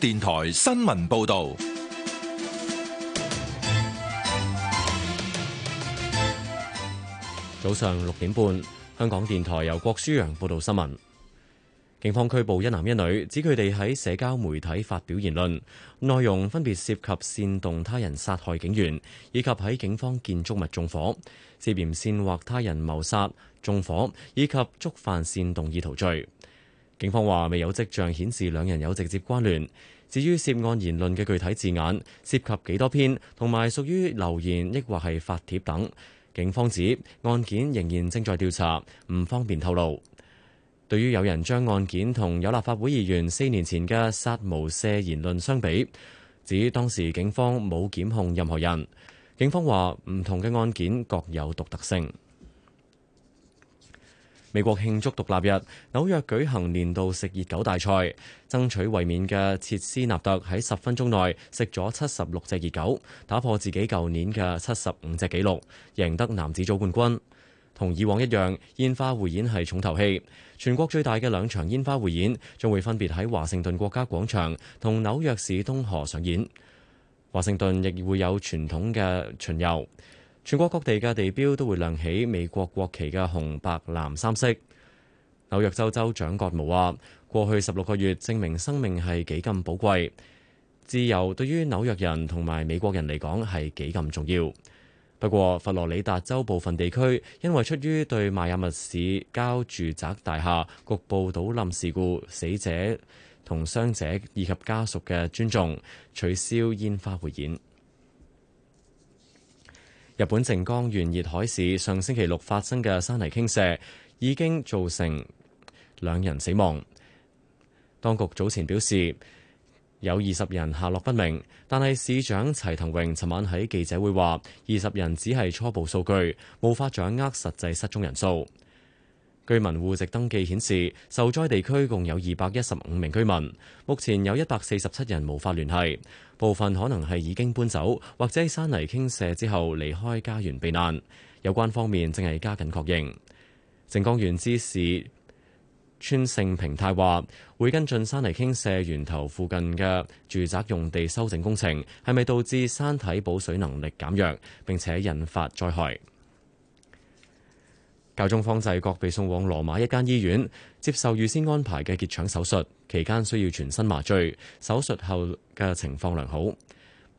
電台新聞報道：早上六點半，香港電台由郭書洋報道新聞。警方拘捕一男一女，指佢哋喺社交媒體發表言論，內容分別涉及煽動他人殺害警員，以及喺警方建築物縱火，涉嫌煽惑他人謀殺、縱火以及觸犯煽動意圖罪。警方話未有跡象顯示兩人有直接關聯。至於涉案言論嘅具體字眼、涉及幾多篇同埋屬於留言抑或係發帖等，警方指案件仍然正在調查，唔方便透露。對於有人將案件同有立法會議員四年前嘅殺無赦言論相比，指當時警方冇檢控任何人，警方話唔同嘅案件各有獨特性。美國慶祝獨立日，紐約舉行年度食熱狗大賽，爭取衛冕嘅切斯納特喺十分鐘內食咗七十六隻熱狗，打破自己舊年嘅七十五隻紀錄，贏得男子組冠軍。同以往一樣，煙花匯演係重頭戲，全國最大嘅兩場煙花匯演將會分別喺華盛頓國家廣場同紐約市東河上演。華盛頓亦會有傳統嘅巡遊。全國各地嘅地標都會亮起美國國旗嘅紅白藍三色。紐約州州長葛摩話：過去十六個月證明生命係幾咁寶貴，自由對於紐約人同埋美國人嚟講係幾咁重要。不過佛羅里達州部分地區因為出於對邁阿密市郊住宅大廈局部倒冧事故死者同傷者以及家屬嘅尊重，取消煙花匯演。日本靜岡縣熱海市上星期六發生嘅山泥傾瀉，已經造成兩人死亡。當局早前表示有二十人下落不明，但係市長齊藤榮尋晚喺記者會話，二十人只係初步數據，無法掌握實際失蹤人數。居民戶籍登記顯示，受災地區共有二百一十五名居民，目前有一百四十七人無法聯繫。部分可能係已經搬走，或者山泥傾瀉之後離開家園避難。有關方面正係加緊確認。靜岡縣知事川勝平太話：會跟進山泥傾瀉源頭附近嘅住宅用地修整工程，係咪導致山體保水能力減弱，並且引發災害？教宗方濟各被送往羅馬一間醫院接受預先安排嘅結腸手術，期間需要全身麻醉。手術後嘅情況良好。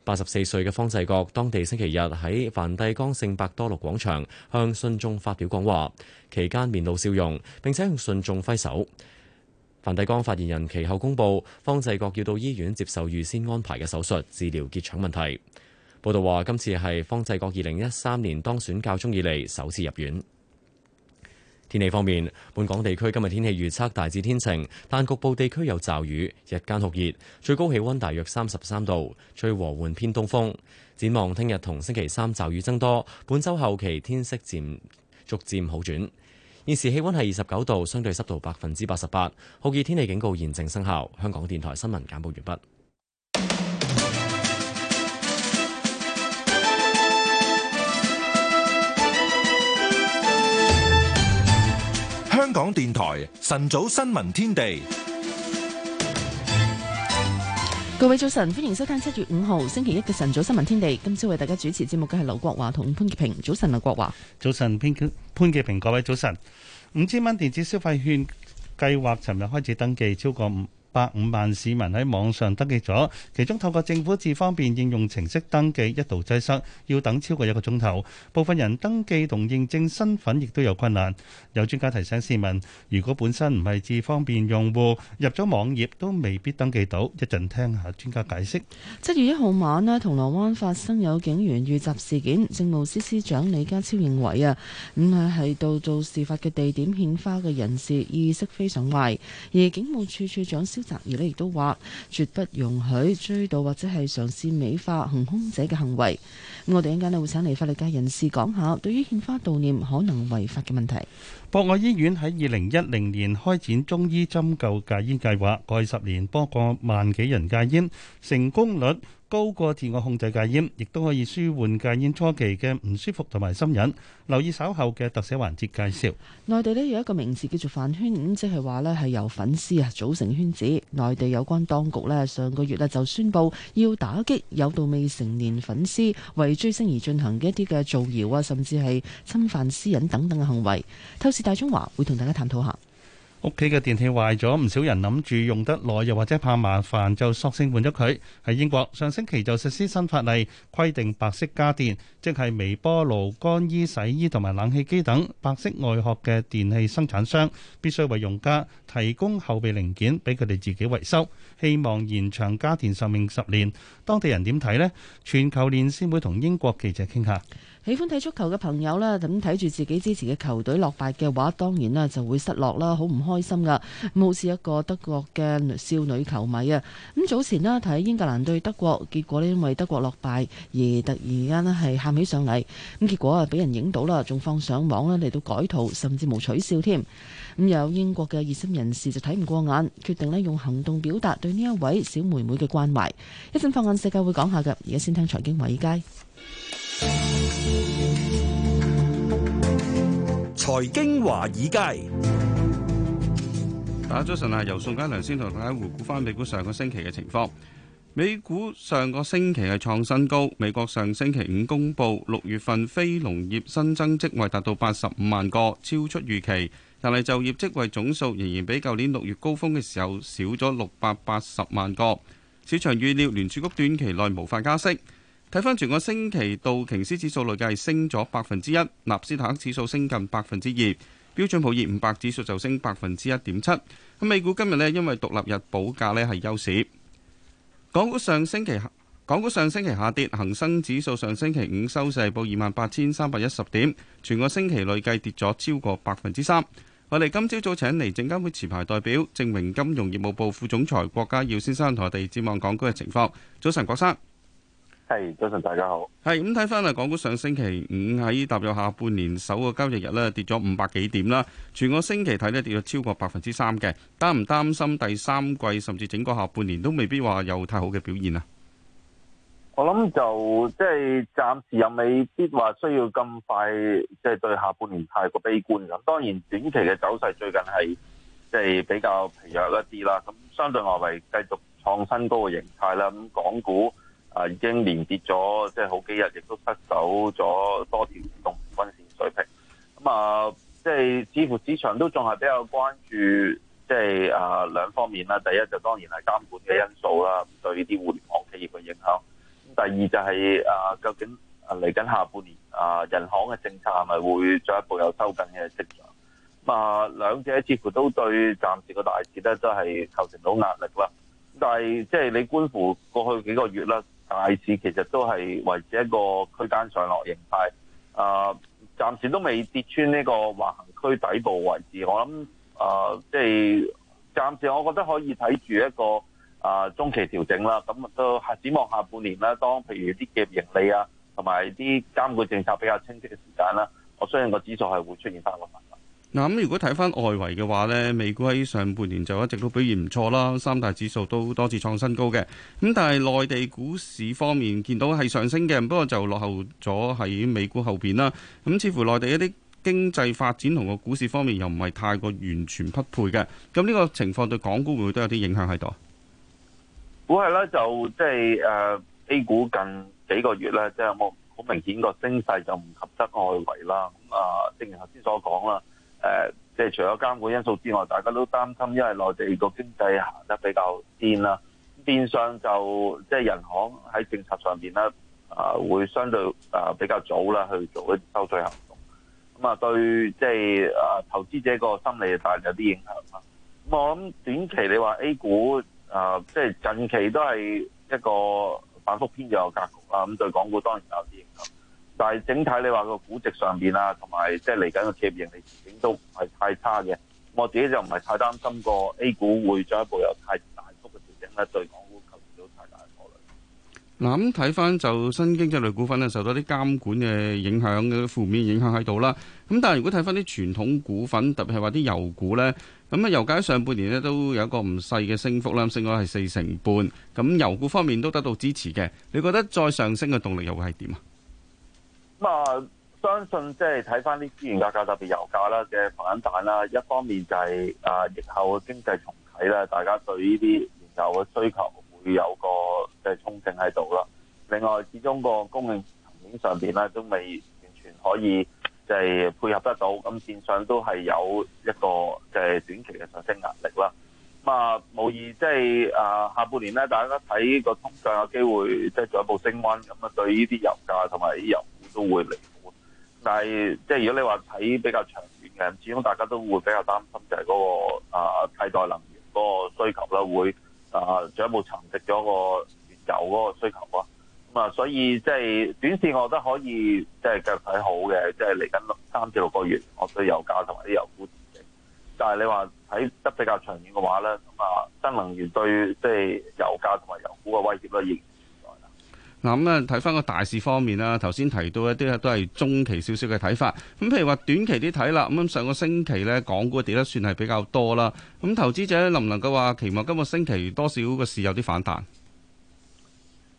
八十四歲嘅方濟各當地星期日喺梵蒂岡聖伯多祿廣場向信眾發表講話，期間面露笑容，並且向信眾揮手。梵蒂岡發言人其後公布，方濟各要到醫院接受預先安排嘅手術，治療結腸問題。報道話，今次係方濟各二零一三年當選教宗以嚟首次入院。天氣方面，本港地區今日天氣預測大致天晴，但局部地區有驟雨，日間酷熱，最高氣溫大約三十三度，吹和緩偏東風。展望聽日同星期三驟雨增多，本周後期天色漸逐漸好轉。現時氣溫係二十九度，相對濕度百分之八十八，酷熱天氣警告現正生效。香港電台新聞簡報完畢。港電台晨早新聞天地，各位早晨，歡迎收聽七月五號星期一嘅晨早新聞天地。今朝為大家主持節目嘅係劉國華同潘潔平。早晨，劉國華。早晨，潘潔潘潔平。各位早晨。五千蚊電子消費券計劃，尋日開始登記，超過五。百五萬市民喺網上登記咗，其中透過政府智方便應用程式登記一度擠塞，要等超過一個鐘頭。部分人登記同認證身份亦都有困難。有專家提醒市民，如果本身唔係智方便用戶，入咗網頁都未必登記到。一陣聽下專家解釋。七月一號晚咧，銅鑼灣發生有警員遇襲事件，政務司司長李家超認為啊，唔啊係到做事發嘅地點獻花嘅人士意識非常壞，而警務處處長蕭。而呢亦都話，絕不容許追悼或者係嘗試美化行兇者嘅行為。咁我哋陣間呢會請嚟法律界人士講下，對於獻花悼念可能違法嘅問題。博愛醫院喺二零一零年開展中醫針灸戒煙計劃，過去十年幫過萬幾人戒煙，成功率高過自我控制戒煙，亦都可以舒緩戒煙初期嘅唔舒服同埋心癮。留意稍後嘅特寫環節介紹。內地呢有一個名詞叫做飯圈，咁即係話呢係由粉絲啊組成圈子。內地有關當局呢上個月呢就宣布要打擊誘導未成年粉絲為追星而進行嘅一啲嘅造謠啊，甚至係侵犯私隱等等嘅行為。透視大中華會同大家探討下。屋企嘅電器壞咗，唔少人諗住用得耐，又或者怕麻煩，就索性換咗佢。喺英國，上星期就實施新法例，規定白色家電，即係微波爐、乾衣、洗衣同埋冷氣機等白色外殼嘅電器生產商，必須為用家提供後備零件俾佢哋自己維修，希望延長家電壽命十年。當地人點睇呢？全球連線會同英國記者傾下。喜歡睇足球嘅朋友呢咁睇住自己支持嘅球隊落敗嘅話，當然咧就會失落啦，好唔開心噶。咁，好似一個德國嘅少女球迷啊，咁早前呢睇英格蘭對德國，結果呢因為德國落敗而突然間呢係喊起上嚟咁，結果啊俾人影到啦，仲放上網呢嚟到改圖，甚至冇取笑添。咁有英國嘅熱心人士就睇唔過眼，決定呢用行動表達對呢一位小妹妹嘅關懷。一陣放眼世界會講下嘅，而家先聽財經華爾街財經華爾街，大家早晨啦，由宋嘉良先同大家回顧翻美股上個星期嘅情況。美股上個星期係創新高，美國上星期五公布六月份非農業新增職位達到八十五萬個，超出預期，但係就業職位總數仍然比舊年六月高峰嘅時候少咗六百八十萬個。市場預料聯儲局短期內無法加息。睇翻全個星期，道瓊斯指數累計升咗百分之一，納斯達克指數升近百分之二，標準普爾五百指數就升百分之一點七。咁美股今日呢，因為獨立日保價呢係休市。港股上星期，港股上星期下跌，恒生指數上星期五收市報二萬八千三百一十點，全個星期累計跌咗超過百分之三。我哋今朝早，早請嚟證監會持牌代表，正榮金融業務部副總裁郭家耀先生同我哋展望港股嘅情況。早晨，郭生。係早晨，大家好。係咁睇翻啊，港股上星期五喺踏入下半年首個交易日咧，跌咗五百幾點啦。全個星期睇咧，跌咗超過百分之三嘅。擔唔擔心第三季甚至整個下半年都未必話有太好嘅表現啊？我諗就即係暫時又未必話需要咁快，即係對下半年太過悲觀咁。當然短期嘅走勢最近係即係比較疲弱一啲啦。咁相對外圍繼續創新高嘅形態啦。咁港股。啊，已經連跌咗即係好幾日，亦都失守咗多條主動均線水平。咁、嗯、啊，即、就、係、是、似乎市場都仲係比較關注，即、就、係、是、啊兩方面啦。第一就當然係監管嘅因素啦，對呢啲互聯網企業嘅影響。咁第二就係、是、啊，究竟嚟緊、啊、下，下半年啊，人行嘅政策係咪會進一步有收緊嘅跡象？啊、嗯，兩者似乎都對暫時個大市咧都係構成到壓力啦。但係即係你觀乎過去幾個月啦。大市其實都係維持一個區間上落形態，啊、呃，暫時都未跌穿呢個橫行區底部位置，我諗啊，即、呃、係、就是、暫時我覺得可以睇住一個啊、呃、中期調整啦。咁到展望下半年啦，當譬如啲企業盈利啊，同埋啲監管政策比較清晰嘅時間啦，我相信個指數係會出現翻個反彈。嗱，咁如果睇翻外圍嘅話呢，美股喺上半年就一直都表現唔錯啦，三大指數都多次創新高嘅。咁但係內地股市方面，見到係上升嘅，不過就落後咗喺美股後邊啦。咁似乎內地一啲經濟發展同個股市方面又唔係太過完全匹配嘅。咁呢個情況對港股會唔會都有啲影響喺度？估係啦，就即係誒 A 股近幾個月呢，即係冇好明顯個升勢就唔及得外圍啦。咁啊，正如頭先所講啦。誒，即係除咗監管因素之外，大家都擔心，因為內地個經濟行得比較癲啦，變相就即係、就是、人行喺政策上邊咧，啊、呃、會相對啊比較早啦去做一啲收稅行動，咁、就是、啊對即係啊投資者個心理帶有啲影響啦。咁我諗短期你話 A 股啊，即、呃、係、就是、近期都係一個反覆偏弱格局啦，咁對港股當然有啲影響。但係整體，你話個估值上邊啊，同埋即係嚟緊個企業盈利前景都唔係太差嘅。我自己就唔係太擔心過 A 股會進一步有太大幅嘅調整呢，對港股構成到太大嘅考慮。嗱，咁睇翻就新經濟類股份咧，受到啲監管嘅影響嘅負面影響喺度啦。咁但係如果睇翻啲傳統股份，特別係話啲油股呢，咁啊油價上半年呢都有一個唔細嘅升幅啦，升咗係四成半。咁油股方面都得到支持嘅，你覺得再上升嘅動力又會係點啊？咁啊、嗯，相信即係睇翻啲資源價格，特別油價啦嘅反彈啦。一方面就係啊，疫後嘅經濟重啟啦，大家對呢啲原油嘅需求會有個即係衝勁喺度啦。另外，始終個供應層面上邊咧都未完全可以即係配合得到，咁線上都係有一個就係短期嘅上升壓力啦。咁、嗯、啊，無疑即係啊，下半年咧，大家睇個通脹有機會即係進一步升温，咁啊對呢啲油價同埋油都會離盤，但係即係如果你話睇比較長遠嘅，始終大家都會比較擔心就、那個，就係嗰個啊替代能源嗰個需求啦，會啊進一步沉積咗個原油嗰個需求啊。咁、嗯、啊，所以即係短線我覺得可以即係繼續睇好嘅，即係嚟緊三至六個月，我對油價同埋啲油股前景，但係你話睇得比較長遠嘅話咧，咁啊，新能源對即係油價同埋油股嘅威脅都亦～咁啊，睇翻個大市方面啦，頭先提到一啲都係中期少少嘅睇法。咁譬如話短期啲睇啦，咁上個星期咧，港股跌得算係比較多啦。咁、嗯、投資者能唔能夠話期望今個星期多少個市有啲反彈？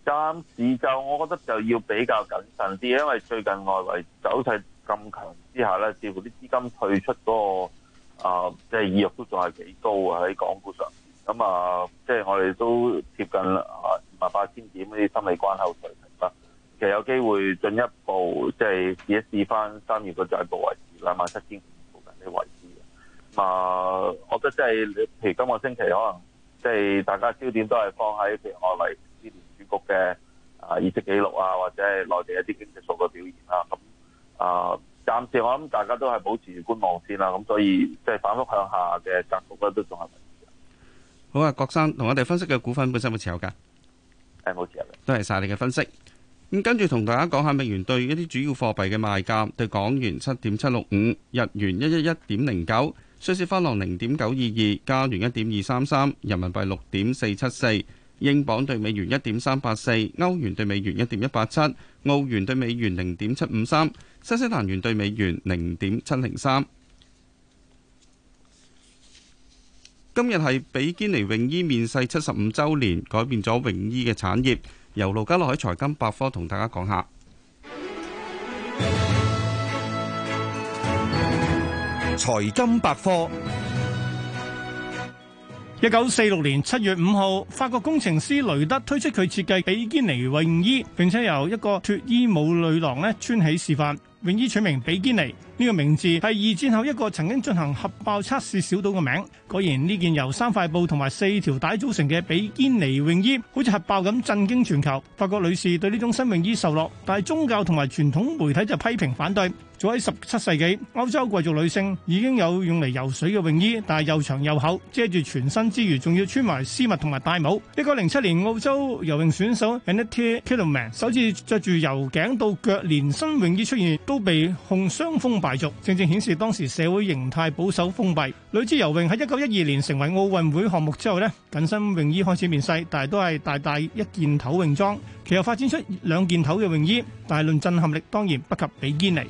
暫時就我覺得就要比較謹慎啲，因為最近外圍走勢咁強之下呢，似乎啲資金退出嗰個啊，即係意欲都仲係幾高喺港股上。咁、嗯、啊，即係我哋都接近啦。萬八千點呢啲心理關口水平啦，其實有機會進一步即係試一試翻三月個進一步維持兩萬七千五附近嘅位置。咁啊，我覺得即係譬如今個星期，可能即係大家焦點都係放喺譬如外圍啲聯儲局嘅啊議息記錄啊，或者係內地一啲經濟數據表現啦。咁啊，暫時我諗大家都係保持住觀望先啦啊。咁所以即係反復向下嘅格局咧，都仲係維持。好啊，郭生同我哋分析嘅股份本身有冇持有噶？都係晒你嘅分析。咁跟住同大家講下美元對一啲主要貨幣嘅賣價，對港元七點七六五，日元一一一點零九，瑞士法郎零點九二二，加元一點二三三，人民幣六點四七四，英鎊對美元一點三八四，歐元對美元一點一八七，澳元對美元零點七五三，新西蘭元對美元零點七零三。今日係比堅尼泳衣面世七十五周年，改變咗泳衣嘅產業。由盧嘉樂喺財金百科同大家講下財金百科。一九四六年七月五號，法國工程師雷德推出佢設計比堅尼泳衣，並且由一個脫衣舞女郎咧穿起示範。泳衣取名比堅尼，呢個名字係二戰後一個曾經進行核爆測試小島嘅名。果然呢件由三塊布同埋四條帶組成嘅比堅尼泳衣，好似核爆咁震驚全球。法國女士對呢種新泳衣受落，但係宗教同埋傳統媒體就批評反對。早喺十七世紀，歐洲貴族女性已經有用嚟游水嘅泳衣，但係又長又厚，遮住全身之餘，仲要穿埋絲襪同埋戴帽。一九零七年，澳洲游泳選手 Annette Kellerman 首次着住由頸到腳連身泳衣出現，都被控傷風敗俗，正正顯示當時社會形態保守封閉。女子游泳喺一九一二年成為奧運會項目之後呢，緊身泳衣開始面世，但係都係大大一件頭泳裝。其後發展出兩件頭嘅泳衣，但係論震撼力當然不及比堅尼。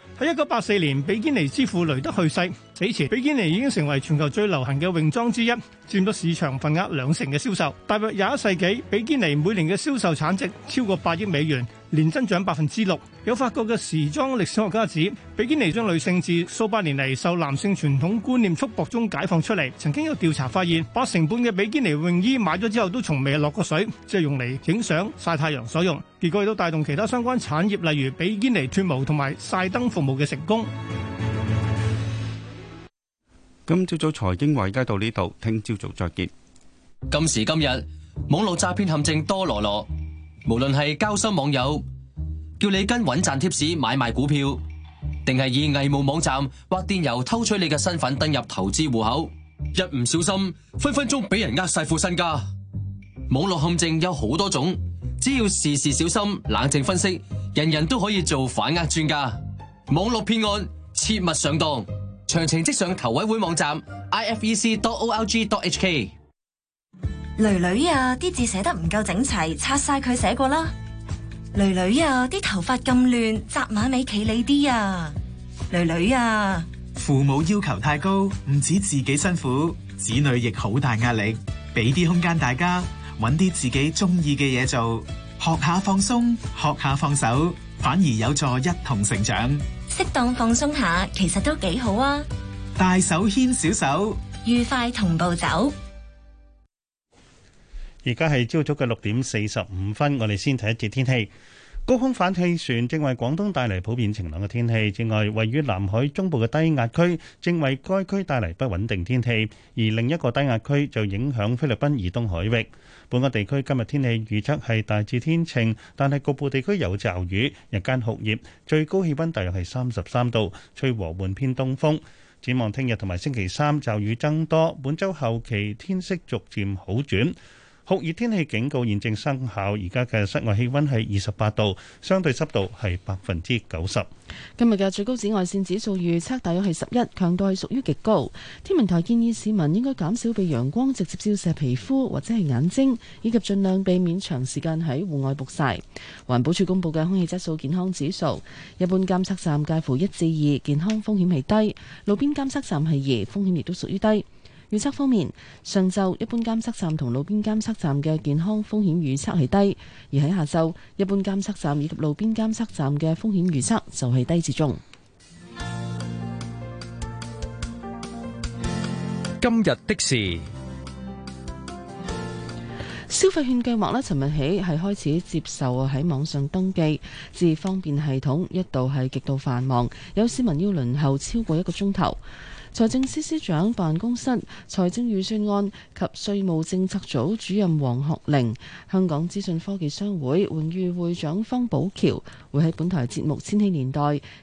喺一九八四年，比堅尼之父雷德去世。此前，比堅尼已經成為全球最流行嘅泳裝之一，佔咗市場份額兩成嘅銷售。大約廿一世紀，比堅尼每年嘅銷售產值超過八億美元，年增長百分之六。有法國嘅時裝歷史學家指，比堅尼將女性自數百年嚟受男性傳統觀念束縛中解放出嚟。曾經有調查發現，八成半嘅比堅尼泳衣買咗之後都從未落過水，即係用嚟影相曬太陽所用。結果亦都帶動其他相關產業，例如比堅尼脫毛同埋曬燈服務嘅成功。今朝早財經圍街到呢度，聽朝早再見。今時今日，網絡詐騙陷阱多羅羅，無論係交心網友。叫你跟穩賺貼士買賣股票，定係以偽冒網站或電郵偷取你嘅身份登入投資戶口，一唔小心分分鐘俾人呃晒副身家。網絡陷阱有好多種，只要時時小心、冷靜分析，人人都可以做反呃專家。網絡騙案切勿上當，詳情即上投委會網站 ifec.org.hk。囡囡啊，啲字寫得唔夠整齊，拆晒佢寫過啦。女女呀、啊，啲頭髮咁亂，紮馬尾企理啲呀！女女呀、啊，父母要求太高，唔止自己辛苦，子女亦好大壓力，俾啲空間大家，揾啲自己中意嘅嘢做，學下放鬆，學下放手，反而有助一同成長。適當放鬆下，其實都幾好啊！大手牽小手，愉快同步走。而家係朝早嘅六點四十五分，我哋先睇一節天氣。高空反氣旋正為廣東帶嚟普遍晴朗嘅天氣。此外，位於南海中部嘅低壓區正為該區帶嚟不穩定天氣，而另一個低壓區就影響菲律賓以東海域。本港地區今日天氣預測係大致天晴，但係局部地區有驟雨，日間酷熱，最高氣溫大約係三十三度，吹和緩偏東風。展望聽日同埋星期三，驟雨增多，本周後期天色逐漸好轉。酷熱天氣警告現正生效，而家嘅室外氣温係二十八度，相對濕度係百分之九十。今日嘅最高紫外線指數預測大約係十一，強度係屬於極高。天文台建議市民應該減少被陽光直接照射皮膚或者係眼睛，以及盡量避免長時間喺戶外曝晒。環保署公布嘅空氣質素健康指數，一般監測站介乎一至二，健康風險係低；路邊監測站係二，風險亦都屬於低。預測方面，上晝一般監測站同路邊監測站嘅健康風險預測係低，而喺下晝一般監測站以及路邊監測站嘅風險預測就係低至中。今日的事，消費券計劃咧，尋日起係開始接受喺網上登記，至方便系統一度係極度繁忙，有市民要輪候超過一個鐘頭。財政司司長辦公室、財政預算案及稅務政策組主任黃學玲、香港資訊科技商會榮譽會長方寶橋會喺本台節目《千禧年代》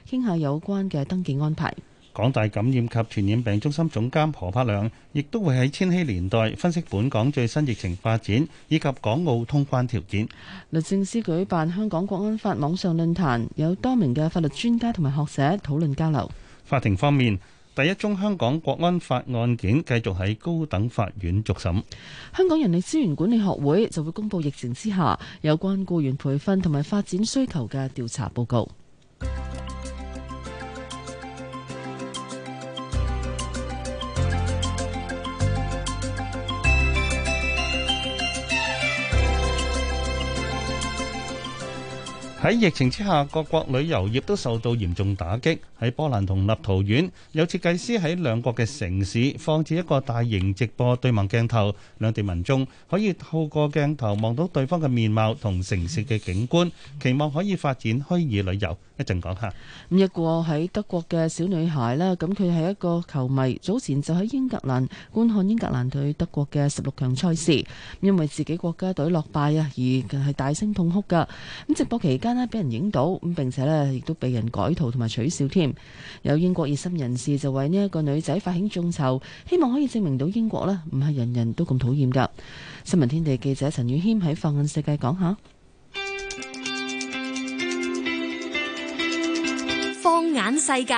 傾下有關嘅登記安排。港大感染及傳染病中心總監何柏良亦都會喺《千禧年代》分析本港最新疫情發展以及港澳通關條件。律政司舉辦香港國安法網上論壇，有多名嘅法律專家同埋學者討論交流。法庭方面。第一宗香港國安法案件繼續喺高等法院續審。香港人力資源管理學會就會公布疫情之下有關僱員培訓同埋發展需求嘅調查報告。喺疫情之下，各國旅遊業都受到嚴重打擊。喺波蘭同立陶宛，有設計師喺兩國嘅城市放置一個大型直播對望鏡頭，兩地民眾可以透過鏡頭望到對方嘅面貌同城市嘅景觀，期望可以發展虛擬旅遊。一陣講下，一個喺德國嘅小女孩咧，咁佢係一個球迷，早前就喺英格蘭觀看英格蘭對德國嘅十六強賽事，因為自己國家隊落敗啊而係大聲痛哭噶。咁直播期間呢，俾人影到，咁並且呢，亦都被人改圖同埋取笑添。有英國熱心人士就為呢一個女仔發起眾籌，希望可以證明到英國呢唔係人人都咁討厭噶。新聞天地記者陳宇軒喺放眼世界講下。說說。放眼世界，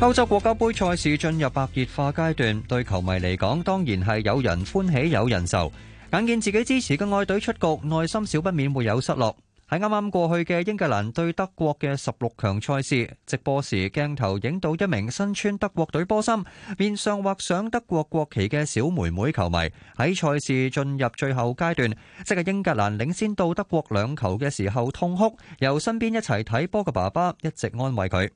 歐洲國家杯賽事進入白熱化階段，對球迷嚟講，當然係有人歡喜有人愁。眼見自己支持嘅愛隊出局，內心少不免會有失落。喺啱啱過去嘅英格蘭對德國嘅十六強賽事直播時，鏡頭影到一名身穿德國隊波衫、面上畫上德國國旗嘅小妹妹球迷，喺賽事進入最後階段，即係英格蘭領先到德國兩球嘅時候痛哭，由身邊一齊睇波嘅爸爸一直安慰佢。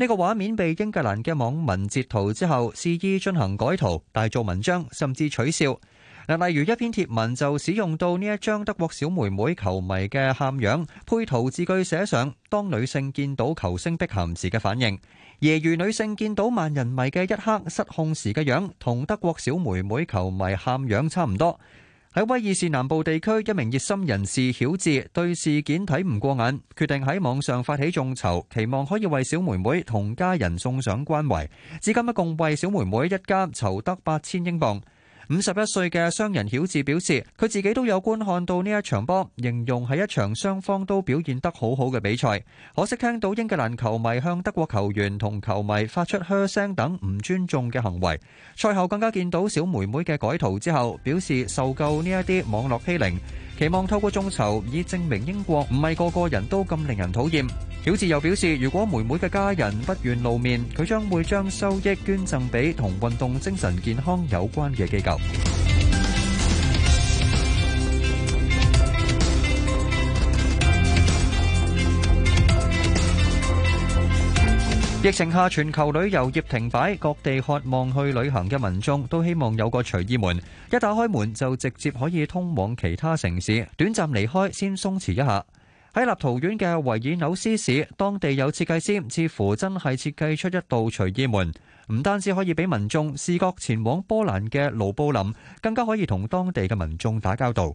呢個畫面被英格蘭嘅網民截圖之後，肆意進行改圖、大做文章，甚至取笑。嗱，例如一篇貼文就使用到呢一張德國小妹妹球迷嘅喊樣配圖，字句寫上當女性見到球星碧咸時嘅反應，猶如女性見到萬人迷嘅一刻失控時嘅樣，同德國小妹妹球迷喊樣差唔多。喺威爾士南部地區，一名熱心人士曉智對事件睇唔過眼，決定喺網上發起眾籌，期望可以為小妹妹同家人送上關懷。至今一共為小妹妹一家籌得八千英鎊。五十一歲嘅商人曉智表示，佢自己都有觀看到呢一場波，形容係一場雙方都表現得好好嘅比賽。可惜聽到英格蘭球迷向德國球員同球迷發出噓聲等唔尊重嘅行為，賽後更加見到小妹妹嘅改圖之後，表示受夠呢一啲網絡欺凌。期望透過眾籌以證明英國唔係個個人都咁令人討厭。小智又表示，如果妹妹嘅家人不願露面，佢將會將收益捐贈俾同運動精神健康有關嘅機構。疫情下，全球旅遊業停擺，各地渴望去旅行嘅民眾都希望有個隨意門，一打開門就直接可以通往其他城市，短暫離開先鬆弛一下。喺立陶宛嘅維爾紐斯市，當地有設計師，似乎真係設計出一道隨意門，唔單止可以俾民眾視覺前往波蘭嘅盧布林，更加可以同當地嘅民眾打交道。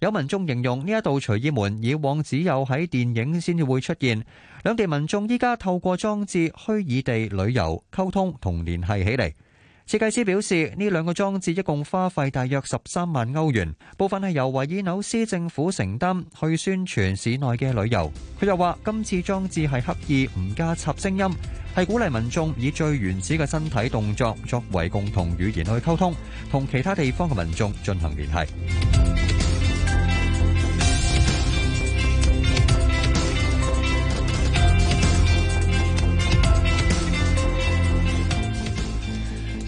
有民眾形容呢一道隨意門以往只有喺電影先至會出現，兩地民眾依家透過裝置虛擬地旅遊、溝通同聯繫起嚟。設計師表示，呢兩個裝置一共花費大約十三萬歐元，部分係由維爾紐斯政府承擔去宣傳市內嘅旅遊。佢又話，今次裝置係刻意唔加插聲音，係鼓勵民眾以最原始嘅身體動作作為共同語言去溝通，同其他地方嘅民眾進行聯繫。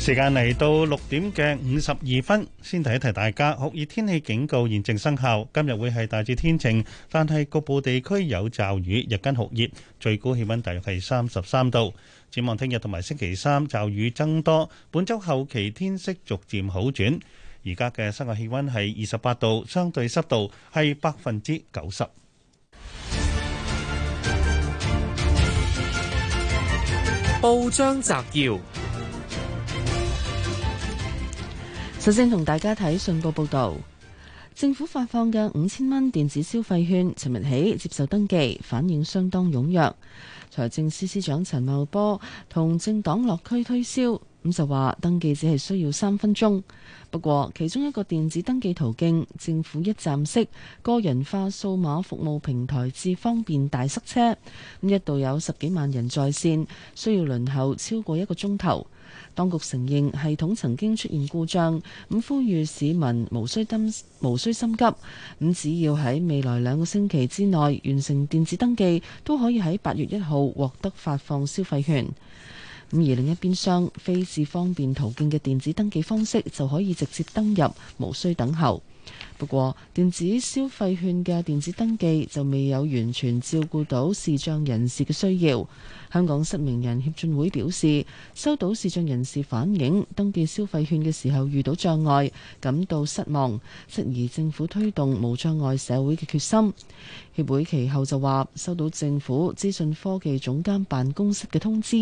時間嚟到六點嘅五十二分，先提一提大家，酷熱天氣警告現正生效。今日會係大致天晴，但係局部地區有驟雨，日間酷熱，最高氣溫大約係三十三度。展望聽日同埋星期三驟雨增多，本周後期天色逐漸好轉。而家嘅室外氣溫係二十八度，相對濕度係百分之九十。報章摘要。首先同大家睇信報報道，政府發放嘅五千蚊電子消費券，尋日起接受登記反應相當踊躍，財政司司長陳茂波同政黨落區推銷，咁就話登記只係需要三分鐘，不過其中一個電子登記途徑政府一站式個人化數碼服務平台，至方便大塞車，咁一度有十幾萬人在線需要輪候超過一個鐘頭。當局承認系統曾經出現故障，咁呼籲市民無需擔心，無需心急，咁只要喺未來兩個星期之內完成電子登記，都可以喺八月一號獲得發放消費券。咁而另一邊廂，非是方便途徑嘅電子登記方式就可以直接登入，無需等候。不過，電子消費券嘅電子登記就未有完全照顧到視障人士嘅需要。香港失明人協進會表示，收到視障人士反映登記消費券嘅時候遇到障礙，感到失望，質疑政府推動無障礙社會嘅決心。協會其後就話，收到政府資訊科技總監辦公室嘅通知，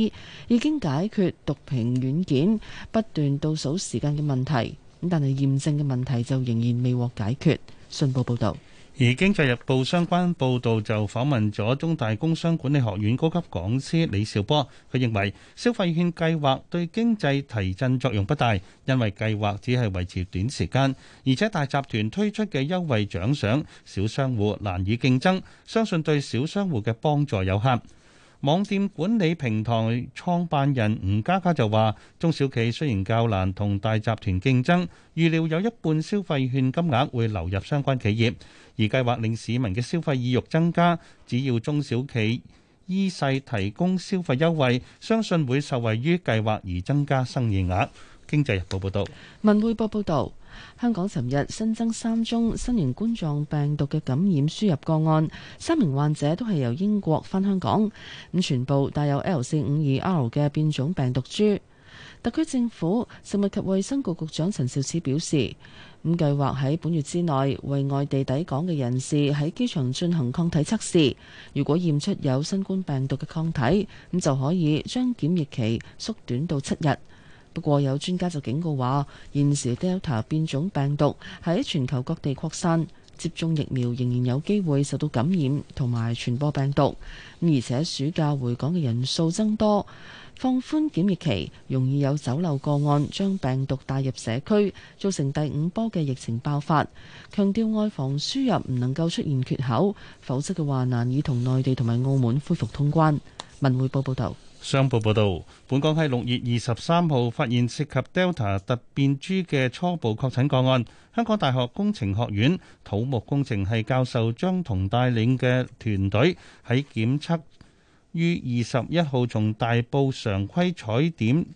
已經解決讀屏軟件不斷倒數時間嘅問題。咁但係驗證嘅問題就仍然未獲解決。信報報道，而經濟日報相關報道就訪問咗中大工商管理學院高級講師李兆波，佢認為消費券計劃對經濟提振作用不大，因為計劃只係維持短時間，而且大集團推出嘅優惠獎賞，小商戶難以競爭，相信對小商戶嘅幫助有限。網店管理平台創辦人吳家家就話，中小企雖然較難同大集團競爭，預料有一半消費券金額會流入相關企業，而計劃令市民嘅消費意欲增加。只要中小企依勢提供消費優惠，相信會受惠於計劃而增加生意額。經濟日報報道，文匯報報道。香港尋日新增三宗新型冠狀病毒嘅感染輸入個案，三名患者都係由英國返香港，咁全部帶有 L 四五二 R 嘅變種病毒株。特區政府食物及衛生局局長陳肇始表示，咁計劃喺本月之內為外地抵港嘅人士喺機場進行抗體測試，如果驗出有新冠病毒嘅抗體，咁就可以將檢疫期縮短到七日。不過有專家就警告話，現時 Delta 變種病毒喺全球各地擴散，接種疫苗仍然有機會受到感染同埋傳播病毒。而且暑假回港嘅人數增多，放寬檢疫期，容易有走漏個案，將病毒帶入社區，造成第五波嘅疫情爆發。強調外防輸入唔能夠出現缺口，否則嘅話難以同內地同埋澳門恢復通關。文匯報報道。商報報導，本港喺六月二十三號發現涉及 Delta 突變株嘅初步確診個案。香港大學工程學院土木工程系教授張彤帶領嘅團隊喺檢測，於二十一號從大埔常規採點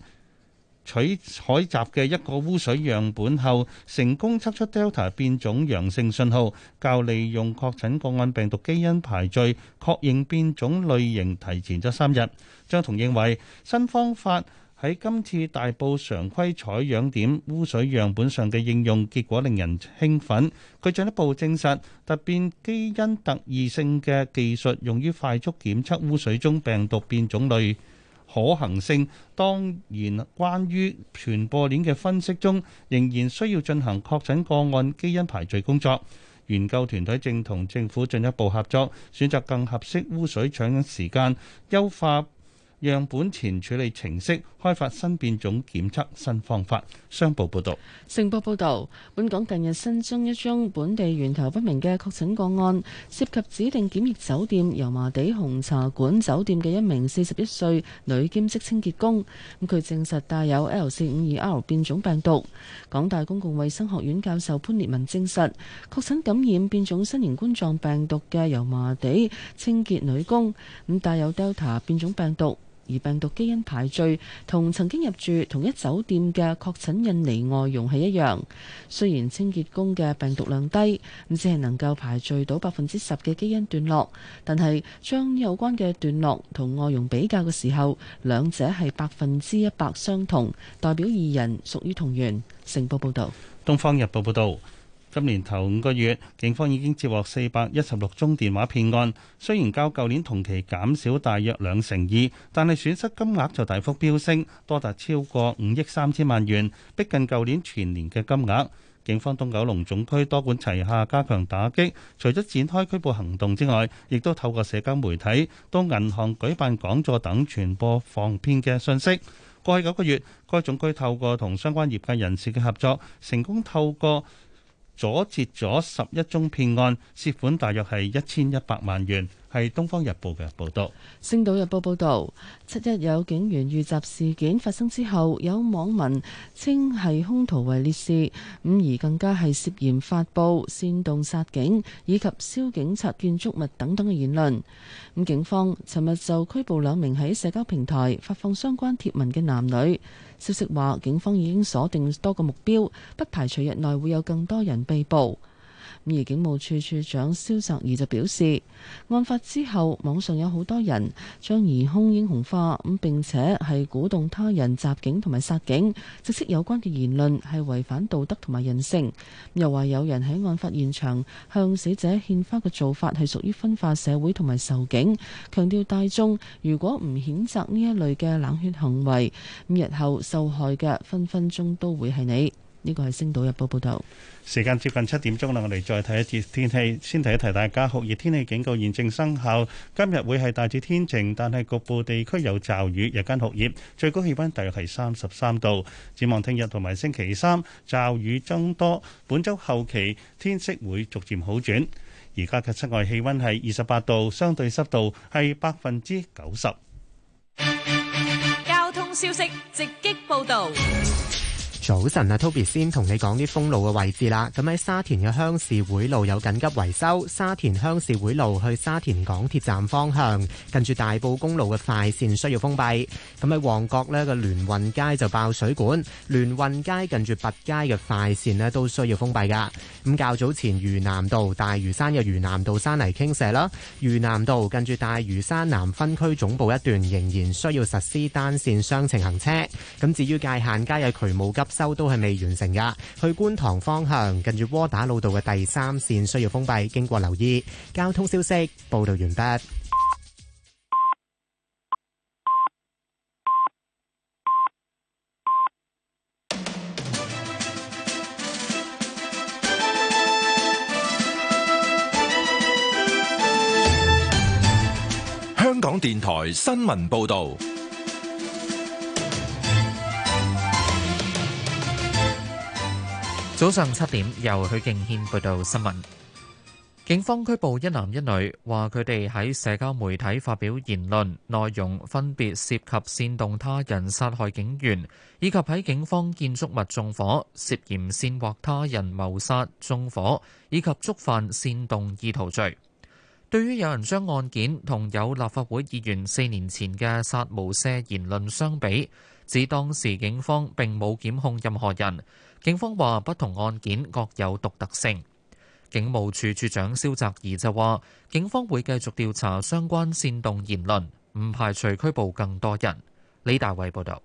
取採集嘅一個污水樣本後，成功測出 Delta 變種陽性信號，較利用確診個案病毒基因排序確認變種類型提前咗三日。張彤認為新方法喺今次大埔常規採樣點污水樣本上嘅應用結果令人興奮。佢進一步證實突變基因特異性嘅技術用於快速檢測污水中病毒變種類可行性。當然，關於傳播鏈嘅分析中，仍然需要進行確診個案基因排序工作。研究團隊正同政府進一步合作，選擇更合適污水搶緊時間，優化。樣本前處理程式開發新變種檢測新方法。商報，報報道，成報報道，本港近日新增一宗本地源頭不明嘅確診個案，涉及指定檢疫酒店油麻地紅茶館酒店嘅一名四十一歲女兼職清潔工。咁佢證實帶有 L 四五二 R 變種病毒。港大公共衛生學院教授潘烈文證實，確診感染變種新型冠狀病毒嘅油麻地清潔女工，咁帶有 Delta 變種病毒。而病毒基因排序同曾經入住同一酒店嘅確診印尼外傭係一樣。雖然清潔工嘅病毒量低，咁只係能夠排序到百分之十嘅基因段落，但係將有關嘅段落同外傭比較嘅時候，兩者係百分之一百相同，代表二人屬於同源。成報報道。《東方日報》報道。今年頭五個月，警方已經接獲四百一十六宗電話騙案。雖然較舊年同期減少大約兩成二，但係損失金額就大幅飆升，多達超過五億三千萬元，逼近舊年全年嘅金額。警方東九龍總區多管齊下，加強打擊，除咗展開拘捕行動之外，亦都透過社交媒體、到銀行舉辦講座等傳播防騙嘅信息。過去九個月，該總區透過同相關業界人士嘅合作，成功透過阻截咗十一宗騙案，涉款大約係一千一百萬元。係《東方日報》嘅報道，《星島日報》報道，七一有警員遇襲事件發生之後，有網民稱係兇徒為烈士，咁而更加係涉嫌發布煽動殺警以及燒警察建築物等等嘅言論。咁警方尋日就拘捕兩名喺社交平台發放相關貼文嘅男女。消息話，警方已經鎖定多個目標，不排除日內會有更多人被捕。咁而警務處處長蕭澤頤就表示，案發之後網上有好多人將疑兇英雄化，咁並且係鼓動他人襲警同埋殺警，直指有關嘅言論係違反道德同埋人性。又話有人喺案發現場向死者獻花嘅做法係屬於分化社會同埋仇警，強調大眾如果唔譴責呢一類嘅冷血行為，咁日後受害嘅分分鐘都會係你。呢個係星島日報報道。時間接近七點鐘啦，我哋再睇一節天氣。先提一提大家，酷熱天氣警告現正生效。今日會係大致天晴，但係局部地區有驟雨，日間酷熱，最高氣溫大約係三十三度。展望聽日同埋星期三，驟雨增多。本周後期天色會逐漸好轉。而家嘅室外氣溫係二十八度，相對濕度係百分之九十。交通消息直擊報道。早晨啊，Toby 先同你講啲封路嘅位置啦。咁喺沙田嘅鄉事會路有緊急維修，沙田鄉事會路去沙田港鐵站方向，近住大埔公路嘅快線需要封閉。咁喺旺角咧個聯運街就爆水管，聯運街近住弼街嘅快線咧都需要封閉噶。咁較早前嶼南道大嶼山嘅嶼南道山泥傾瀉啦，嶼南道近住大嶼山南分區總部一段仍然需要實施單線雙程行車。咁至於界限街嘅渠務急，修都係未完成㗎，去觀塘方向，近住窩打老道嘅第三線需要封閉，經過留意。交通消息報道完畢。香港電台新聞報道。早上七點，由許敬軒報道新聞。警方拘捕一男一女，話佢哋喺社交媒體發表言論，內容分別涉及煽動他人殺害警員，以及喺警方建築物縱火，涉嫌煽惑他人謀殺、縱火以及觸犯煽動意圖罪。對於有人將案件同有立法會議員四年前嘅殺無赦言論相比，指當時警方並冇檢控任何人。警方話不同案件各有獨特性。警務處處長蕭澤頤就話：警方會繼續調查相關煽動言論，唔排除拘捕更多人。李大偉報導。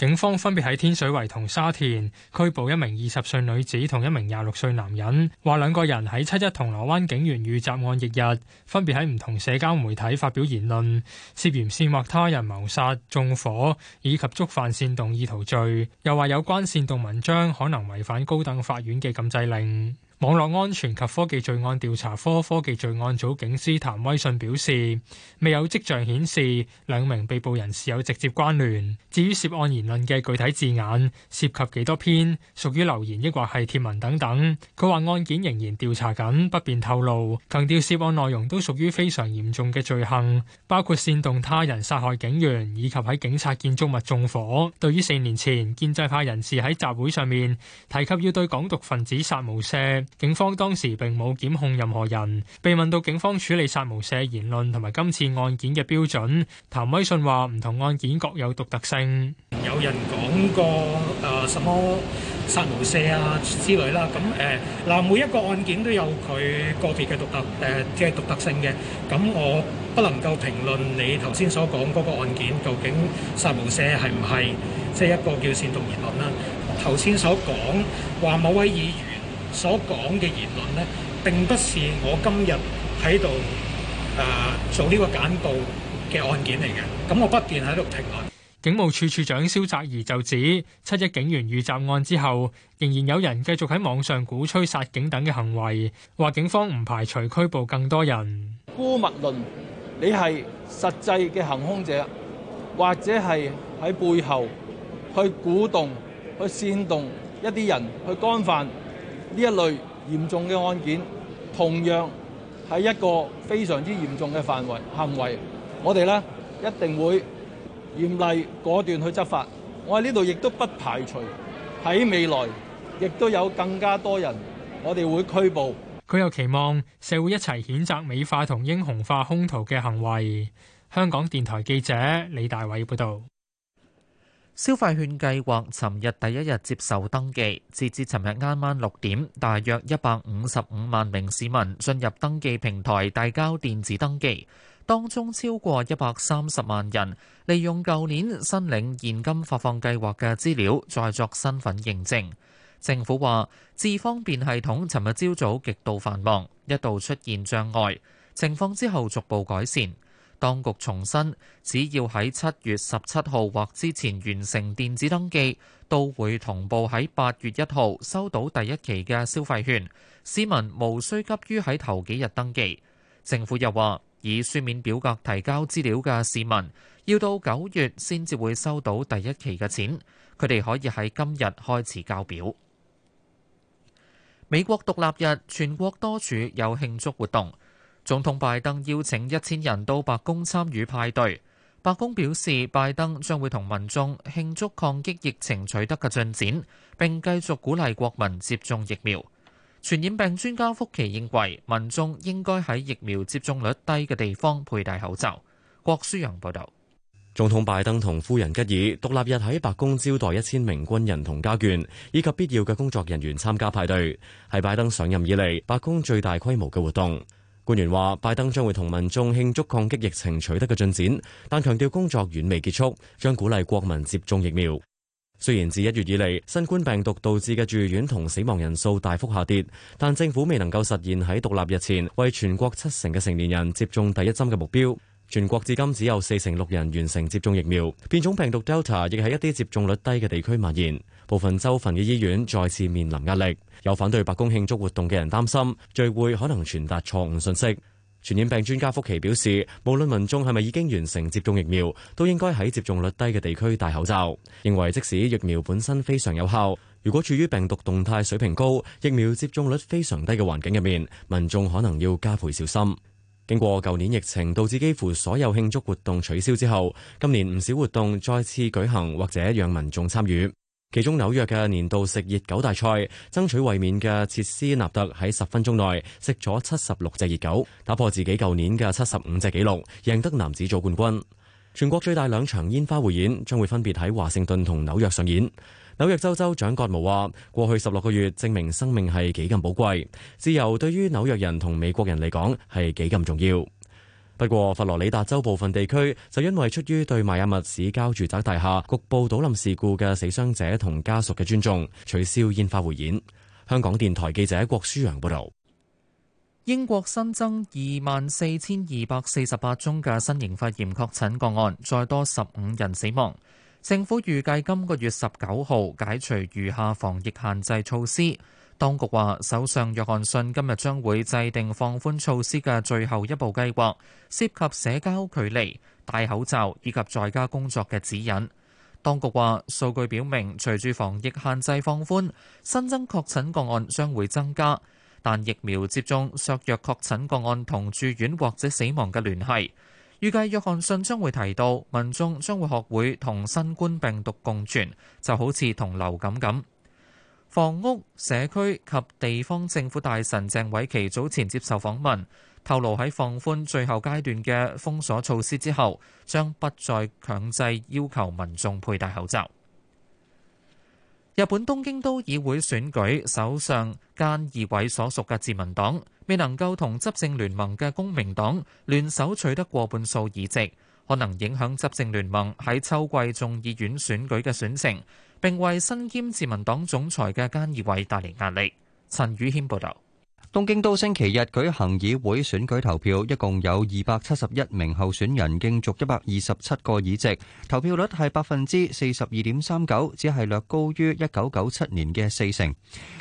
警方分別喺天水圍同沙田拘捕一名二十歲女子同一名廿六歲男人，話兩個人喺七一銅鑼灣警員遇襲案翌日，分別喺唔同社交媒體發表言論，涉嫌煽惑他人謀殺、縱火以及觸犯煽動意圖罪，又話有關煽動文章可能違反高等法院嘅禁制令。網絡安全及科技罪案調查科科技罪案組警司譚威信表示，未有跡象顯示兩名被捕人士有直接關聯。至於涉案言論嘅具體字眼、涉及幾多篇、屬於留言抑或係貼文等等，佢話案件仍然調查緊，不便透露。強調涉案內容都屬於非常嚴重嘅罪行，包括煽動他人殺害警員以及喺警察建築物縱火。對於四年前建制派人士喺集會上面提及要對港獨分子殺無赦。警方當時並冇檢控任何人。被問到警方處理殺無赦言論同埋今次案件嘅標準，譚威信話唔同案件各有獨特性。有人講過誒什麼殺無赦啊之類啦，咁誒嗱每一個案件都有佢個別嘅獨特誒即係獨特性嘅。咁我不能夠評論你頭先所講嗰個案件究竟殺無赦係唔係即係一個叫煽動言論啦。頭先所講話某位議員。所講嘅言論呢，並不是我今日喺度誒做呢個簡報嘅案件嚟嘅。咁我不便喺度評論。警務處處長蕭澤頤就指，七一警員遇襲案之後，仍然有人繼續喺網上鼓吹殺警等嘅行為，話警方唔排除拘捕更多人。姑勿論，你係實際嘅行凶者，或者係喺背後去鼓動、去煽動一啲人去干犯。呢一類嚴重嘅案件，同樣係一個非常之嚴重嘅範圍行為，我哋呢，一定會嚴厲果斷去執法。我喺呢度亦都不排除喺未來亦都有更加多人，我哋會拘捕。佢又期望社會一齊譴責美化同英雄化兇徒嘅行為。香港電台記者李大偉報導。消費券計劃尋日第一日接受登記，截至尋日啱啱六點，大約一百五十五萬名市民進入登記平台遞交電子登記，當中超過一百三十萬人利用舊年申領現金發放計劃嘅資料再作身份認證。政府話，智方便系統尋日朝早極度繁忙，一度出現障礙，情況之後逐步改善。當局重申，只要喺七月十七號或之前完成電子登記，都會同步喺八月一號收到第一期嘅消費券。市民無需急於喺頭幾日登記。政府又話，以書面表格提交資料嘅市民，要到九月先至會收到第一期嘅錢。佢哋可以喺今日開始交表。美國獨立日，全國多處有慶祝活動。總統拜登邀請一千人到白宮參與派對。白宮表示，拜登將會同民眾慶祝抗擊疫情取得嘅進展，並繼續鼓勵國民接種疫苗。傳染病專家福奇認為，民眾應該喺疫苗接種率低嘅地方佩戴口罩。郭舒陽報道，總統拜登同夫人吉爾獨立日喺白宮招待一千名軍人同家眷以及必要嘅工作人員參加派對，係拜登上任以嚟，白宮最大規模嘅活動。官員話，拜登將會同民眾慶祝抗擊疫情取得嘅進展，但強調工作遠未結束，將鼓勵國民接種疫苗。雖然自一月以嚟，新冠病毒導致嘅住院同死亡人數大幅下跌，但政府未能夠實現喺獨立日前為全國七成嘅成年人接種第一針嘅目標。全國至今只有四成六人完成接種疫苗，變種病毒 Delta 亦喺一啲接種率低嘅地區蔓延，部分州份嘅醫院再次面臨壓力。有反對白宮慶祝活動嘅人擔心聚會可能傳達錯誤訊息。傳染病專家福奇表示，無論民眾係咪已經完成接種疫苗，都應該喺接種率低嘅地區戴口罩。認為即使疫苗本身非常有效，如果處於病毒動態水平高、疫苗接種率非常低嘅環境入面，民眾可能要加倍小心。經過舊年疫情導致幾乎所有慶祝活動取消之後，今年唔少活動再次舉行或者讓民眾參與。其中紐約嘅年度食熱狗大賽，爭取衛冕嘅切斯納特喺十分鐘內食咗七十六隻熱狗，打破自己舊年嘅七十五隻紀錄，贏得男子組冠軍。全國最大兩場煙花匯演將會分別喺華盛頓同紐約上演。紐約州州長葛摩話：過去十六個月證明生命係幾咁寶貴，自由對於紐約人同美國人嚟講係幾咁重要。不過，佛羅里達州部分地區就因為出於對邁阿密市郊住宅大廈局部倒冧事故嘅死傷者同家屬嘅尊重，取消煙花匯演。香港電台記者郭書陽報道。英國新增二萬四千二百四十八宗嘅新型肺炎確診個案，再多十五人死亡。政府預計今個月十九號解除餘下防疫限制措施。當局話，首相約翰遜今日將會制定放寬措施嘅最後一步計劃，涉及社交距離、戴口罩以及在家工作嘅指引。當局話，數據表明隨住防疫限制放寬，新增確診個案將會增加，但疫苗接種削弱確診個案同住院或者死亡嘅聯繫。預計約翰遜將會提到，民眾將會學會同新冠病毒共存，就好似同流感咁。房屋、社區及地方政府大臣鄭偉琪早前接受訪問，透露喺放寬最後階段嘅封鎖措施之後，將不再強制要求民眾佩戴口罩。日本東京都議會選舉，首相菅義偉所屬嘅自民黨未能夠同執政聯盟嘅公明黨聯手取得過半數議席，可能影響執政聯盟喺秋季眾議院選舉嘅選情，並為身兼自民黨總裁嘅菅義偉帶來壓力。陳宇謙報道。東京都星期日舉行議會選舉投票，一共有271名候選人競逐127個議席，投票率係百分之42.39，只係略高於1997年嘅四成。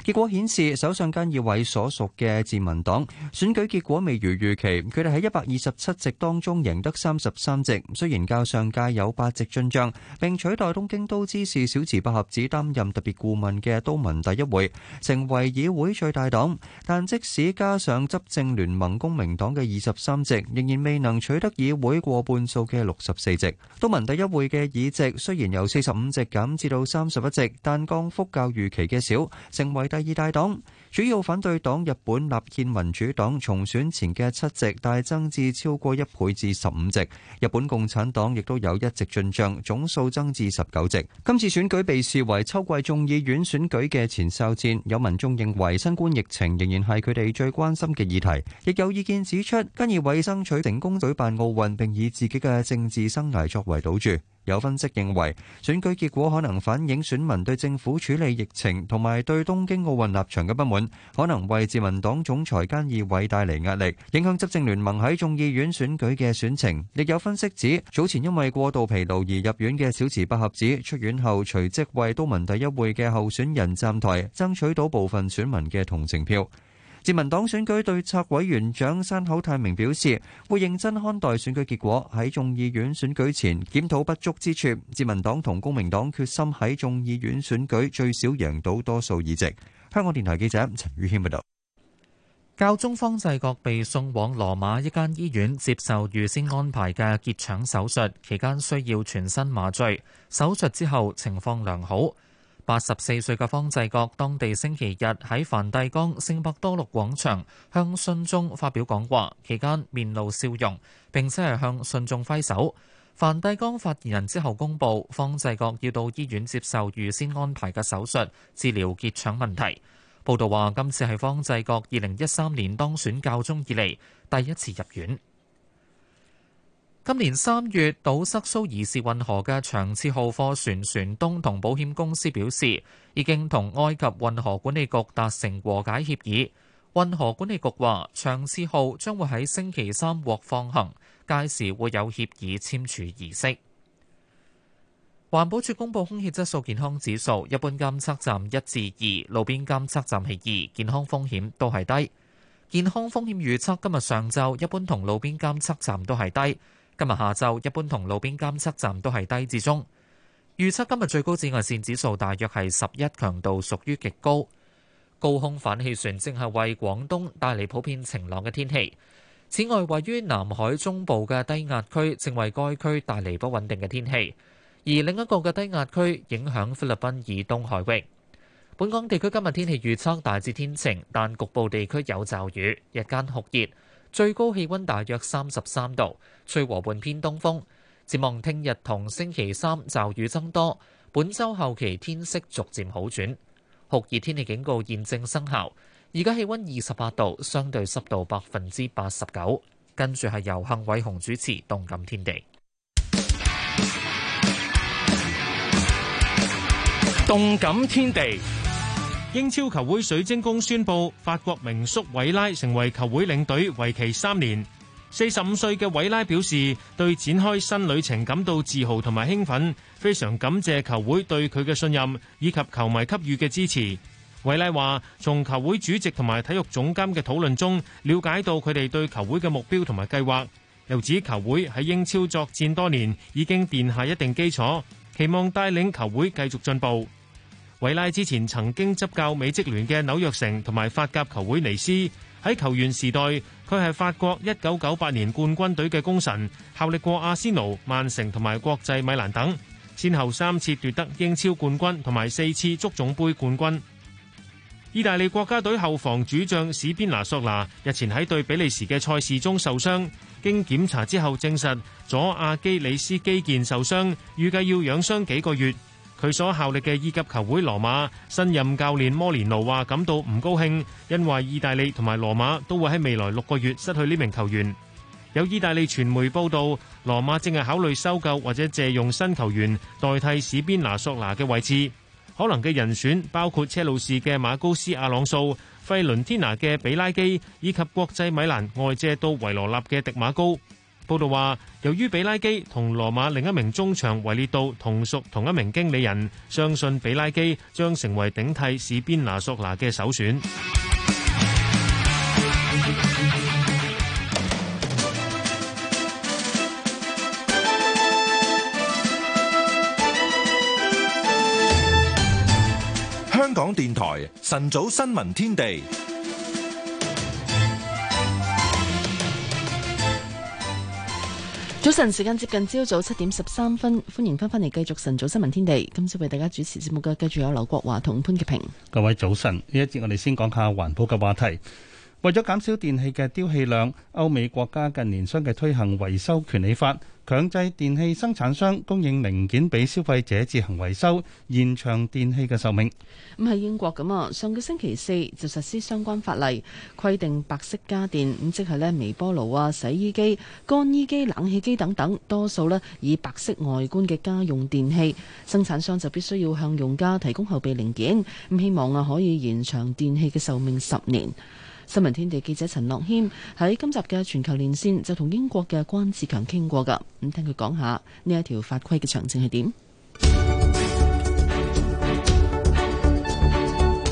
結果顯示，首相菅義偉所屬嘅自民黨，選舉結果未如預期，佢哋喺127席當中贏得33席，雖然較上屆有8席進賬，並取代東京都知事小池百合子擔任特別顧問嘅都民第一會，成為議會最大黨，但即即使加上執政聯盟公明黨嘅二十三席，仍然未能取得議會過半數嘅六十四席。都民第一會嘅議席雖然由四十五席減至到三十一席，但降幅較預期嘅少，成為第二大黨。主要反對黨日本立憲民主黨重選前嘅七席，大增至超過一倍至十五席。日本共產黨亦都有一席進賬，總數增至十九席。今次選舉被視為秋季眾議院選舉嘅前哨戰。有民眾認為新冠疫情仍然係佢哋最關心嘅議題，亦有意見指出，根而為爭取成功舉辦奧運，並以自己嘅政治生涯作為賭注。有分析認為，選舉結果可能反映選民對政府處理疫情同埋對東京奧運立場嘅不滿，可能為自民黨總裁菅義偉帶嚟壓力，影響執政聯盟喺眾議院選舉嘅選情。亦有分析指，早前因為過度疲勞而入院嘅小池百合子出院後，隨即為都民第一會嘅候選人站台，爭取到部分選民嘅同情票。自民黨選舉對策委員長山口泰明表示，會認真看待選舉結果，喺眾議院選舉前檢討不足之處。自民黨同公民黨決心喺眾議院選舉最少贏到多數議席。香港電台記者陳宇謙報道。教宗方濟各被送往羅馬一間醫院接受預先安排嘅結腸手術，期間需要全身麻醉。手術之後情況良好。八十四歲嘅方濟各當地星期日喺梵蒂岡聖伯多祿廣場向信眾發表講話，期間面露笑容，並且係向信眾揮手。梵蒂岡發言人之後公佈，方濟各要到醫院接受預先安排嘅手術，治療結腸問題。報道話，今次係方濟各二零一三年當選教宗以嚟第一次入院。今年三月堵塞蘇伊士運河嘅長賜號貨船船東同保險公司表示，已經同埃及運河管理局達成和解協議。運河管理局話，長賜號將會喺星期三獲放行，屆時會有協議簽署儀式。環保署公布空氣質素健康指數，一般監測站一至二，路邊監測站係二，健康風險都係低。健康風險預測今日上晝一般同路邊監測站都係低。今日下晝一般同路邊監測站都係低至中，預測今日最高紫外線指數大約係十一，強度屬於極高。高空反氣旋正係為廣東帶嚟普遍晴朗嘅天氣。此外，位於南海中部嘅低壓區正為該區帶嚟不穩定嘅天氣，而另一個嘅低壓區影響菲律賓以東海域。本港地區今日天氣預測大致天晴，但局部地區有驟雨，日間酷熱。最高氣溫大約三十三度，吹和緩偏東風。展望聽日同星期三驟雨增多，本周後期天色逐漸好轉。酷熱天氣警告現正生效。而家氣溫二十八度，相對濕度百分之八十九。跟住係由幸偉雄主持《動感天地》。《動感天地》英超球會水晶宮宣布，法國名宿韋拉成為球會領隊，為期三年。四十五歲嘅韋拉表示，對展開新旅程感到自豪同埋興奮，非常感謝球會對佢嘅信任以及球迷給予嘅支持。韋拉話，從球會主席同埋體育總監嘅討論中了解到佢哋對球會嘅目標同埋計劃，又指球會喺英超作戰多年，已經奠下一定基礎，期望帶領球會繼續進步。維拉之前曾經執教美職聯嘅紐約城同埋法甲球會尼斯。喺球員時代，佢係法國一九九八年冠軍隊嘅功臣，效力過阿仙奴、曼城同埋國際米蘭等，先後三次奪得英超冠軍同埋四次足總杯冠軍。意大利國家隊後防主將史賓拿索拿日前喺對比利時嘅賽事中受傷，經檢查之後證實咗阿基里斯肌腱受傷，預計要養傷幾個月。佢所效力嘅意甲球會羅馬，新任教練摩連奴話感到唔高興，因為意大利同埋羅馬都會喺未來六個月失去呢名球員。有意大利傳媒報道，羅馬正係考慮收購或者借用新球員代替史邊拿索拿嘅位置。可能嘅人選包括車路士嘅馬高斯阿朗素、費倫天拿嘅比拉基，以及國際米蘭外借到維羅納嘅迪馬高。報道話，由於比拉基同羅馬另一名中場維列道同屬同一名經理人，相信比拉基將成為頂替史邊拿索拿嘅首選。香港電台晨早新聞天地。早晨時間接近朝早七點十三分，歡迎翻返嚟繼續晨早新聞天地。今次為大家主持節目嘅，繼續有劉國華同潘潔平。各位早晨，呢一節我哋先講下環保嘅話題。為咗減少電器嘅丟棄量，歐美國家近年相繼推行維修權利法，強制電器生產商供應零件俾消費者自行維修，延長電器嘅壽命。咁喺、嗯、英國咁啊，上個星期四就實施相關法例，規定白色家電，咁即係咧微波爐啊、洗衣機、乾衣機、冷氣機等等，多數咧以白色外觀嘅家用電器生產商就必須要向用家提供後備零件，咁希望啊可以延長電器嘅壽命十年。新聞天地記者陳樂謙喺今集嘅全球連線就同英國嘅關志強傾過噶，咁聽佢講下呢一條法規嘅詳情係點？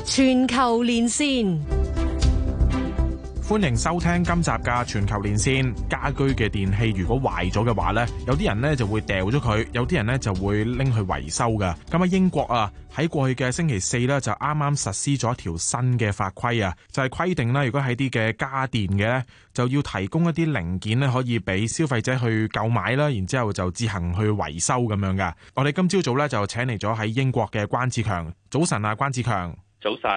全球連線。歡迎收聽今集嘅全球連線。家居嘅電器如果壞咗嘅話呢，有啲人呢就會掉咗佢，有啲人呢就會拎去維修噶。咁喺英國啊，喺過去嘅星期四呢，就啱啱實施咗一條新嘅法規啊，就係規定啦。如果喺啲嘅家電嘅呢，就要提供一啲零件呢，可以俾消費者去購買啦，然之後就自行去維修咁樣噶。我哋今朝早呢，就請嚟咗喺英國嘅關志強，早晨啊，關志強。早晨，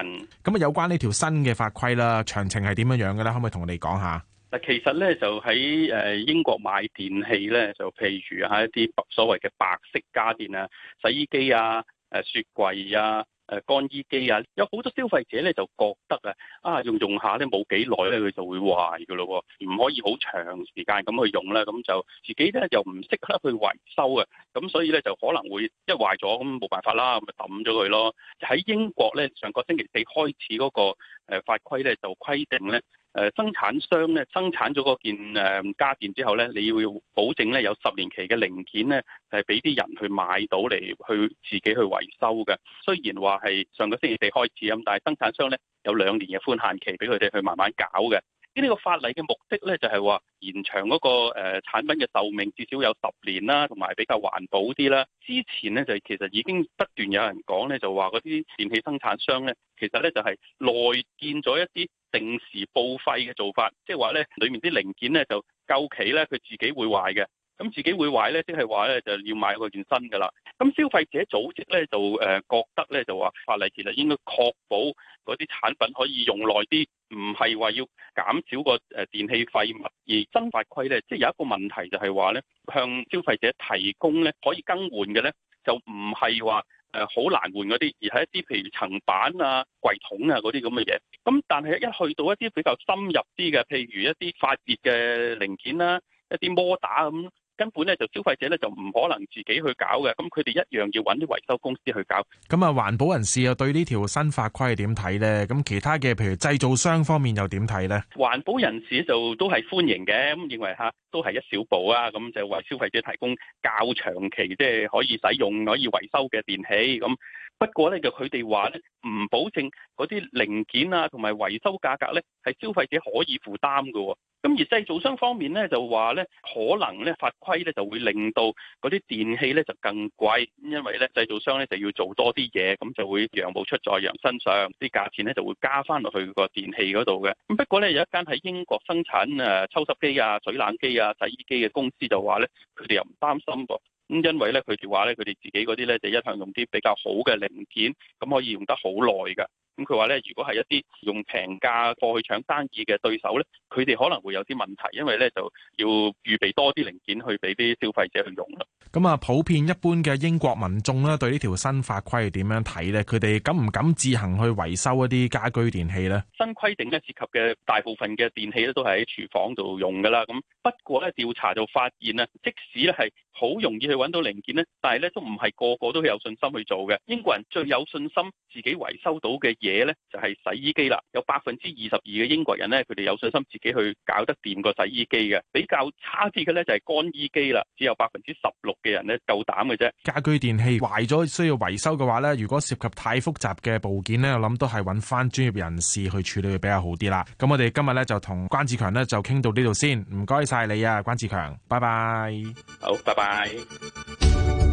咁啊有關呢條新嘅法規啦，詳情係點樣樣嘅咧？可唔可以同我哋講下？嗱，其實咧就喺誒英國買電器咧，就譬如吓一啲所謂嘅白色家電啊，洗衣機啊，誒雪櫃啊。誒乾衣機啊，有好多消費者咧就覺得啊，啊用用下咧冇幾耐咧佢就會壞㗎咯，唔可以好長時間咁去用咧，咁就自己咧又唔識得去維修呀，咁所以咧就可能會一壞咗咁冇辦法啦，咪抌咗佢咯。喺英國咧，上個星期四開始嗰個誒法規咧就規定咧。誒生產商咧生產咗嗰件誒家電之後咧，你要保證咧有十年期嘅零件咧係俾啲人去買到嚟去自己去維修嘅。雖然話係上個星期四開始咁，但係生產商咧有兩年嘅寬限期俾佢哋去慢慢搞嘅。呢個法例嘅目的咧就係話延長嗰個誒產品嘅壽命至少有十年啦，同埋比較環保啲啦。之前咧就其實已經不斷有人講咧，就話嗰啲電器生產商咧其實咧就係內建咗一啲。定時報廢嘅做法，即係話咧，裡面啲零件咧就夠期咧，佢自己會壞嘅。咁自己會壞咧，即係話咧，就要買個件新噶啦。咁消費者組織咧就誒覺得咧就話，法例其實應該確保嗰啲產品可以用耐啲，唔係話要減少個誒電器廢物而新法規咧。即係有一個問題就係話咧，向消費者提供咧可以更換嘅咧，就唔係話。誒好難換嗰啲，而係一啲譬如層板啊、櫃桶啊嗰啲咁嘅嘢。咁但係一去到一啲比較深入啲嘅，譬如一啲發熱嘅零件啦，一啲摩打咁。根本咧就消費者咧就唔可能自己去搞嘅，咁佢哋一樣要搵啲維修公司去搞。咁啊，環保人士又對呢條新法規點睇咧？咁其他嘅譬如製造商方面又點睇咧？環保人士就都係歡迎嘅，咁認為嚇都係一小步啊，咁就為消費者提供較長期即係可以使用、可以維修嘅電器咁。不過咧，就佢哋話咧，唔保證嗰啲零件啊，同埋維修價格咧，係消費者可以負擔嘅。咁而製造商方面咧，就話咧，可能咧，法規咧就會令到嗰啲電器咧就更貴，因為咧製造商咧就要做多啲嘢，咁就會羊毛出在羊身上，啲價錢咧就會加翻落去個電器嗰度嘅。不過咧，有一間喺英國生產誒抽濕機啊、水冷機啊、洗衣機嘅公司就話咧，佢哋又唔擔心噃。咁因為咧，佢哋話咧，佢哋自己嗰啲咧，就一向用啲比較好嘅零件，咁可以用得好耐㗎。咁佢話咧，如果係一啲用平價貨去搶生意嘅對手咧，佢哋可能會有啲問題，因為咧就要預備多啲零件去俾啲消費者去用啦。咁啊，普遍一般嘅英國民眾咧，對呢條新法規係點樣睇咧？佢哋敢唔敢自行去維修一啲家居電器咧？新規定咧涉及嘅大部分嘅電器咧都係喺廚房度用噶啦。咁不過咧調查就發現咧，即使咧係好容易去揾到零件咧，但係咧都唔係個個都有信心去做嘅。英國人最有信心自己維修到嘅嘢呢就係洗衣機啦，有百分之二十二嘅英國人呢，佢哋有信心自己去搞得掂個洗衣機嘅。比較差啲嘅呢，就係乾衣機啦，只有百分之十六嘅人呢，夠膽嘅啫。家居電器壞咗需要維修嘅話呢，如果涉及太複雜嘅部件呢，我諗都係揾翻專業人士去處理會比較好啲啦。咁我哋今日呢，就同關志強呢，就傾到呢度先，唔該晒你啊，關志強，拜拜。好，拜拜。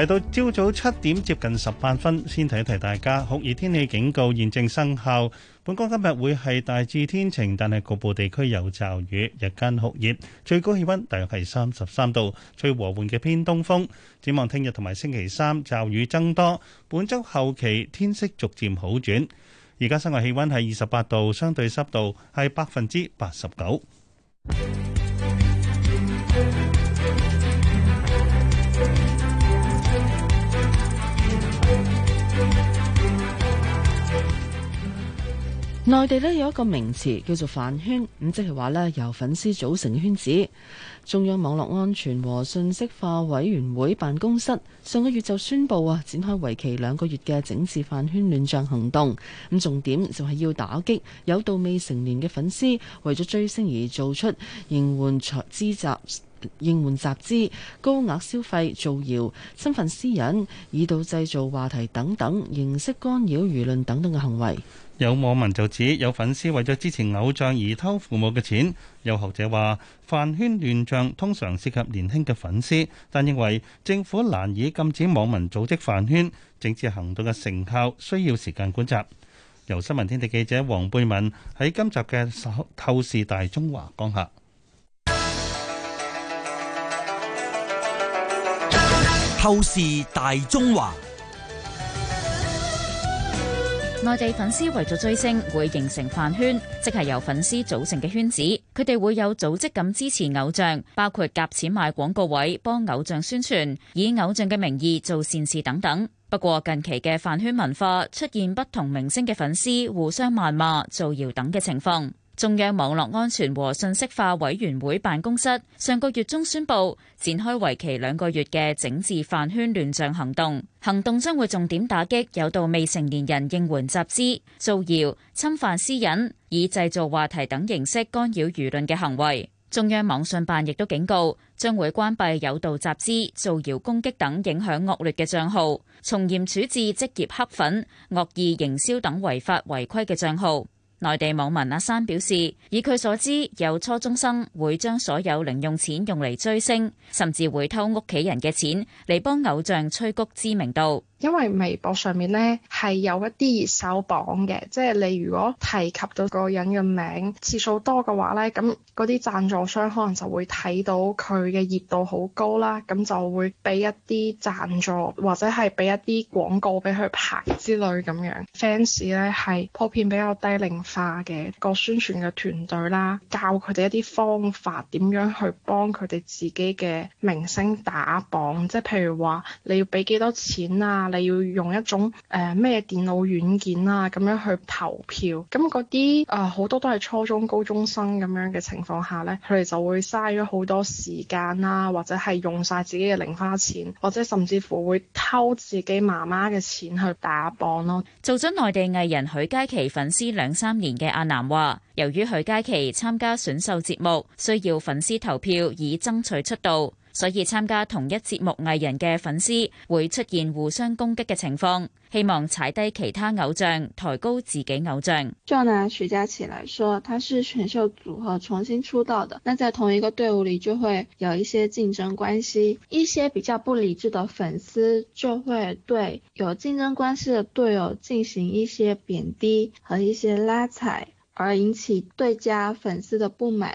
嚟到朝早七點接近十八分，先提一提大家酷熱天氣警告現正生效。本港今日會係大致天晴，但係局部地區有驟雨，日間酷熱，最高氣温大約係三十三度，吹和緩嘅偏東風。展望聽日同埋星期三驟雨增多，本週後期天色逐漸好轉。而家室外氣温係二十八度，相對濕度係百分之八十九。 內地呢有一個名詞叫做飯圈，咁即係話呢由粉絲組成圈子。中央網絡安全和信息化委員會辦公室上個月就宣布啊，展開為期兩個月嘅整治飯圈亂象行動。咁重點就係要打擊有到未成年嘅粉絲為咗追星而做出應援集資集。應援集資、高額消費、造謠、身份私隱、以到製造話題等等形式干擾輿論等等嘅行為。有網民就指有粉絲為咗支持偶像而偷父母嘅錢。有學者話飯圈亂象通常涉及年輕嘅粉絲，但認為政府難以禁止網民組織飯圈。整治行動嘅成效需要時間觀察。由新聞天地記者黃貝敏喺今集嘅透視大中華講下。透視大中華，內地粉絲為咗追星會形成飯圈，即係由粉絲組成嘅圈子，佢哋會有組織咁支持偶像，包括夾錢買廣告位、幫偶像宣傳、以偶像嘅名義做善事等等。不過近期嘅飯圈文化出現不同明星嘅粉絲互相謾罵、造謠等嘅情況。中央網絡安全和信息化委員會辦公室上個月中宣布展開為期兩個月嘅整治飯圈亂象行動，行動將會重點打擊有道未成年人應援集資、造謠、侵犯私隱、以製造話題等形式干擾輿論嘅行為。中央網信辦亦都警告，將會關閉有道集資、造謠攻擊等影響惡劣嘅賬號，從嚴處置職業黑粉、惡意營銷等違法違規嘅賬號。內地網民阿山表示，以佢所知，有初中生會將所有零用錢用嚟追星，甚至會偷屋企人嘅錢嚟幫偶像催谷知名度。因為微博上面呢，係有一啲熱搜榜嘅，即係你如果提及到個人嘅名次數多嘅話呢，咁嗰啲贊助商可能就會睇到佢嘅熱度好高啦，咁就會俾一啲贊助或者係俾一啲廣告俾佢排之類咁樣。Fans 呢係普遍比較低齡化嘅個宣傳嘅團隊啦，教佢哋一啲方法點樣去幫佢哋自己嘅明星打榜，即係譬如話你要俾幾多錢啊？你要用一種誒咩、呃、電腦軟件啊，咁樣去投票，咁嗰啲啊好多都係初中高中生咁樣嘅情況下，呢佢哋就會嘥咗好多時間啦、啊，或者係用晒自己嘅零花錢，或者甚至乎會偷自己媽媽嘅錢去打榜咯。做咗內地藝人許佳琪粉絲兩三年嘅阿南話，由於許佳琪參加選秀節目，需要粉絲投票以爭取出道。所以參加同一節目藝人嘅粉絲會出現互相攻擊嘅情況，希望踩低其他偶像，抬高自己偶像。就拿徐佳琪來說，她是選秀組合重新出道的，那在同一個隊伍裏就會有一些競爭關係，一些比較不理智的粉絲就會對有競爭關係的隊友進行一些貶低和一些拉踩，而引起對家粉絲的不滿。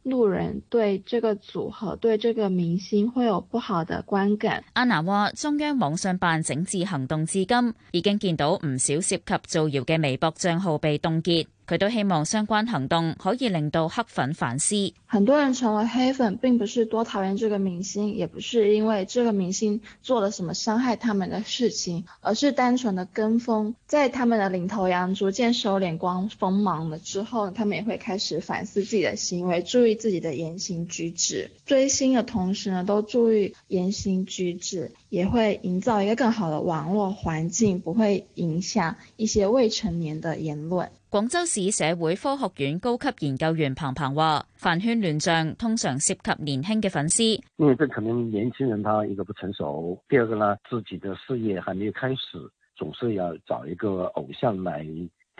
路人對這個組合、對這個明星會有不好的觀感。安娜話：中央網信辦整治行動至今已經見到唔少涉及造謠嘅微博賬號被凍結。佢都希望相關行動可以令到黑粉反思。很多人成為黑粉，並不是多討厭這個明星，也不是因為這個明星做了什麼傷害他們的事情，而是單純的跟風。在他們的領頭羊逐漸收斂光鋒芒了之後，他們也會開始反思自己的行為，注意。自己的言行舉止，追星的同時呢，都注意言行舉止，也會營造一個更好的網絡環境，不會影響一些未成年的言論。廣州市社會科學院高級研究員彭鵬話：飯圈亂象通常涉及年輕嘅粉絲，因為這可能年輕人他一個不成熟，第二個呢，自己的事業還沒有開始，總是要找一個偶像來。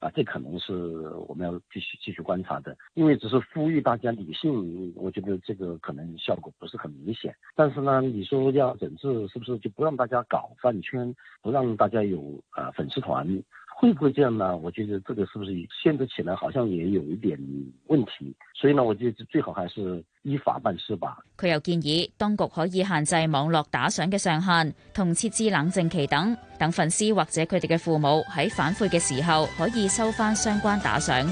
啊，這可能是我們要繼續繼續觀察的，因為只是呼籲大家理性，我覺得這個可能效果不是很明顯，但是呢，你說要整治，是不是就不讓大家搞飯圈，不讓大家有啊粉絲團。會不會這樣呢？我覺得這個是不是限制起來，好像也有一點問題。所以呢，我覺得最好還是依法辦事吧。佢又建議，當局可以限制網絡打賞嘅上限，同設置冷靜期等等，粉絲或者佢哋嘅父母喺反悔嘅時候，可以收返相關打賞。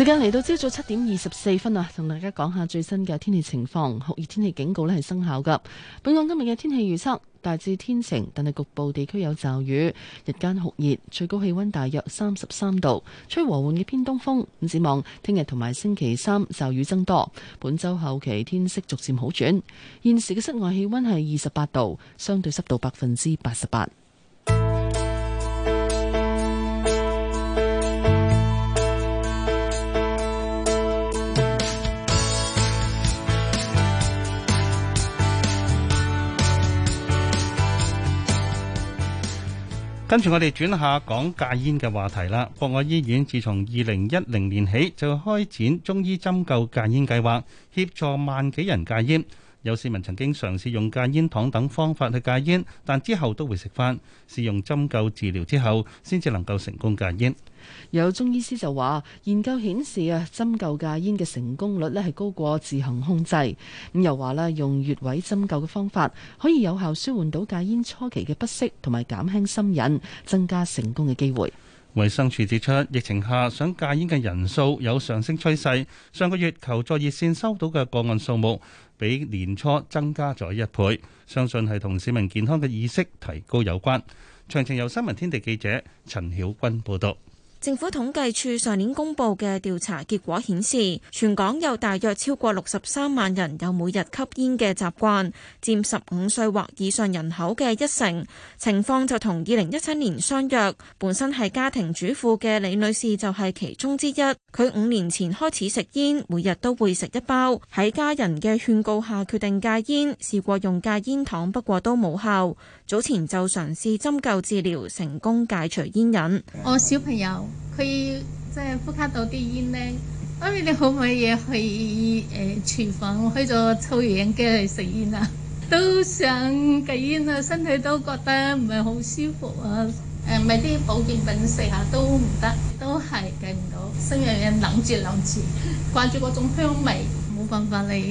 時間嚟到朝早七點二十四分啊，同大家講下最新嘅天氣情況，酷熱天氣警告呢係生效噶。本港今日嘅天氣預測大致天晴，但係局部地區有驟雨，日間酷熱，最高氣溫大約三十三度，吹和緩嘅偏東風。咁展望聽日同埋星期三驟雨增多，本周後期天色逐漸好轉。現時嘅室外氣溫係二十八度，相對濕度百分之八十八。跟住我哋轉下講戒煙嘅話題啦。博愛醫院自從二零一零年起就開展中醫針灸戒煙計劃，協助萬幾人戒煙。有市民曾經嘗試用戒煙糖等方法去戒煙，但之後都會食翻。試用針灸治療之後，先至能夠成功戒煙。有中醫師就話，研究顯示啊，針灸戒煙嘅成功率呢係高過自行控制。咁又話啦，用穴位針灸嘅方法可以有效舒緩到戒煙初期嘅不適，同埋減輕心癮，增加成功嘅機會。衛生署指出，疫情下想戒煙嘅人數有上升趨勢。上個月求助熱線收到嘅個案數目比年初增加咗一倍，相信係同市民健康嘅意識提高有關。詳情由新聞天地記者陳曉君報道。政府統計處上年公布嘅調查結果顯示，全港有大約超過六十三萬人有每日吸煙嘅習慣，佔十五歲或以上人口嘅一成。情況就同二零一七年相若，本身係家庭主婦嘅李女士就係其中之一。佢五年前開始食煙，每日都會食一包。喺家人嘅勸告下，決定戒煙，試過用戒煙糖，不過都冇效。早前就嘗試針灸治療，成功戒除煙癮。我小朋友佢即係呼吸到啲煙咧，咁你哋可唔可以去誒廚房開咗抽油煙機嚟食煙啊？都想戒煙啊，身體都覺得唔係好舒服啊。誒，買啲保健品食下都唔得，都係戒唔到，心成日諗住諗住，掛住嗰種香味，冇辦法嚟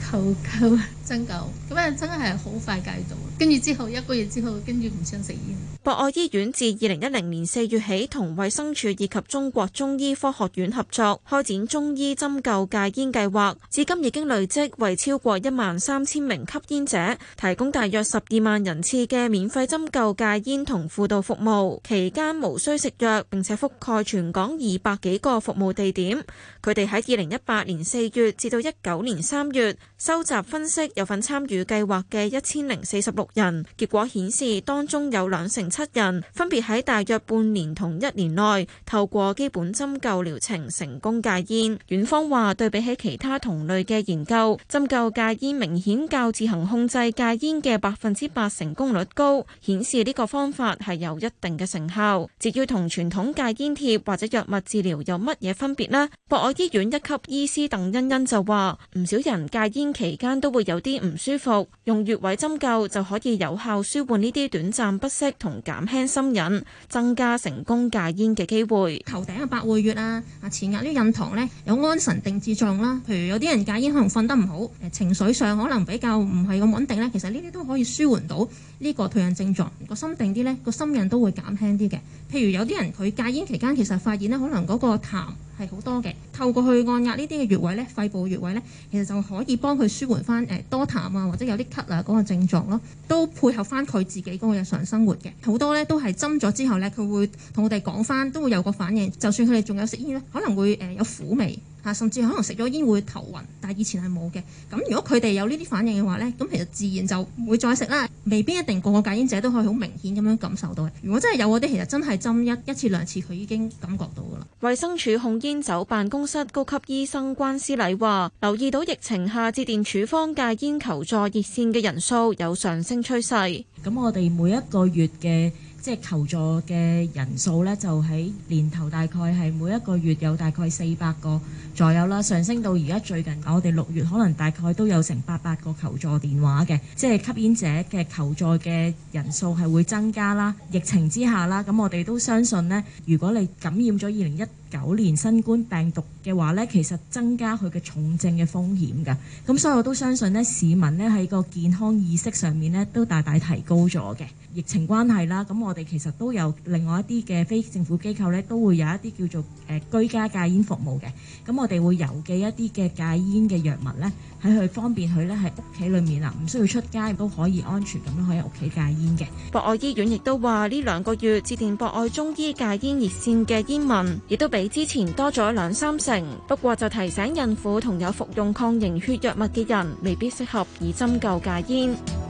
求救。針灸咁樣，真係好快戒到。跟住之後一個月之後，跟住唔想食煙。博愛醫院自二零一零年四月起，同衛生署以及中國中醫科學院合作，開展中醫針灸戒煙計劃，至今已經累積為超過一萬三千名吸煙者提供大約十二萬人次嘅免費針灸戒煙同輔導服務，期間無需食藥，並且覆蓋全港二百幾個服務地點。佢哋喺二零一八年四月至到一九年三月，收集分析。有份參與計劃嘅一千零四十六人，結果顯示當中有兩成七人分別喺大約半年同一年內透過基本針灸療程成功戒煙。院方話對比起其他同類嘅研究，針灸戒煙明顯較自行控制戒煙嘅百分之八成功率高，顯示呢個方法係有一定嘅成效。至於同傳統戒煙貼或者藥物治療有乜嘢分別呢？博愛醫院一級醫師鄧欣欣就話：唔少人戒煙期間都會有啲。啲唔舒服，用穴位針灸就可以有效舒緩呢啲短暫不適同減輕心癮，增加成功戒煙嘅機會。頭頂嘅百會穴啊，啊前額呢印堂呢，有安神定志作用啦。譬如有啲人戒煙可能瞓得唔好，情緒上可能比較唔係咁穩定呢。其實呢啲都可以舒緩到。呢個退癮症狀，個心定啲咧，個心癮都會減輕啲嘅。譬如有啲人佢戒煙期間，其實發現咧，可能嗰個痰係好多嘅，透過去按壓呢啲嘅穴位咧，肺部穴位咧，其實就可以幫佢舒緩翻誒多痰啊，或者有啲咳啊嗰個症狀咯，都配合翻佢自己嗰個日常生活嘅。好多咧都係針咗之後咧，佢會同我哋講翻，都會有個反應。就算佢哋仲有食煙咧，可能會誒、呃、有苦味。甚至可能食咗煙會頭暈，但以前係冇嘅。咁如果佢哋有呢啲反應嘅話呢，咁其實自然就會再食啦，未必一定個個戒煙者都可以好明顯咁樣感受到嘅。如果真係有嗰啲，其實真係針一一次兩次，佢已經感覺到噶啦。衛生署控煙酒辦公室高級醫生關思禮話：留意到疫情下致電處方戒煙求助熱線嘅人數有上升趨勢。咁我哋每一個月嘅。即係求助嘅人數咧，就喺年頭大概係每一個月有大概四百個左右啦，上升到而家最近，我哋六月可能大概都有成八百個求助電話嘅，即係吸煙者嘅求助嘅人數係會增加啦。疫情之下啦，咁我哋都相信咧，如果你感染咗二零一九年新冠病毒嘅話咧，其實增加佢嘅重症嘅風險㗎。咁所以我都相信咧，市民咧喺個健康意識上面咧都大大提高咗嘅。疫情關係啦，咁我哋其實都有另外一啲嘅非政府機構咧，都會有一啲叫做誒、呃、居家戒煙服務嘅。咁我哋會郵寄一啲嘅戒煙嘅藥物咧，喺佢方便佢咧喺屋企裏面啊，唔需要出街亦都可以安全咁樣喺屋企戒煙嘅。博愛醫院亦都話呢兩個月致電博愛中醫戒煙熱線嘅煙民，亦都俾。比之前多咗兩三成，不過就提醒孕婦同有服用抗凝血藥物嘅人，未必適合以針灸戒煙。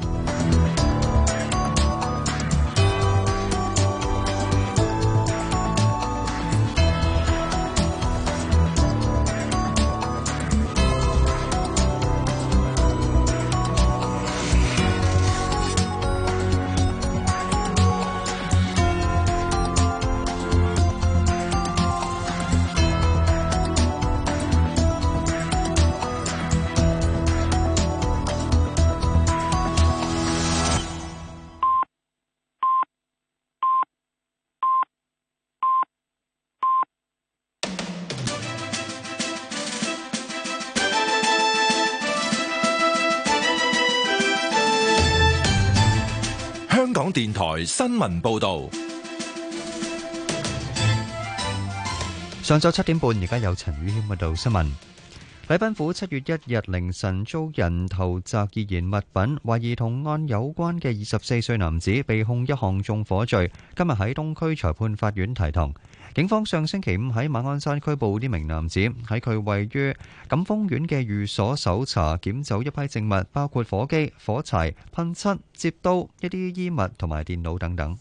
電台新聞報道：上晝七點半，而家有陳宇謙報道新聞。禮賓府七月一日凌晨遭人投擲易燃物品，懷疑同案有關嘅二十四歲男子被控一項縱火罪，今日喺東區裁判法院提堂。警方上星期五喺馬鞍山拘捕呢名男子，喺佢位於錦豐苑嘅寓所搜查，檢走一批證物，包括火機、火柴、噴漆、摺刀、一啲衣物同埋電腦等等。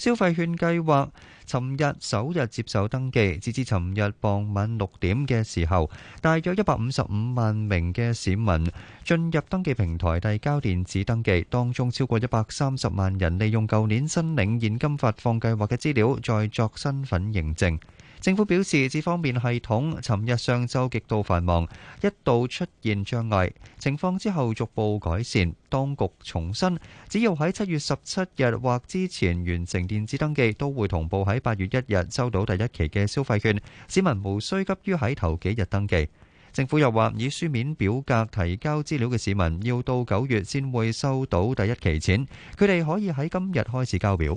消費券計劃尋日首日接受登記，截至尋日傍晚六點嘅時候，大約一百五十五萬名嘅市民進入登記平台遞交電子登記，當中超過一百三十萬人利用舊年申領現金發放計劃嘅資料再作身份認證。政府表示，這方面系統，尋日上晝極度繁忙，一度出現障礙，情況之後逐步改善。當局重申，只要喺七月十七日或之前完成電子登記，都會同步喺八月一日收到第一期嘅消費券。市民無需急於喺頭幾日登記。政府又話，以書面表格提交資料嘅市民，要到九月先會收到第一期錢。佢哋可以喺今日開始交表。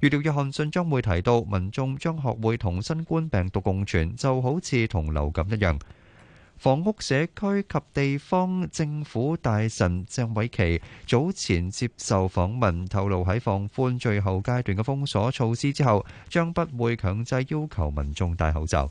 預料約翰遜將會提到民眾將學會同新冠病毒共存，就好似同流感一樣。房屋社區及地方政府大臣鄭偉琪早前接受訪問，透露喺放寬最後階段嘅封鎖措施之後，將不會強制要求民眾戴口罩。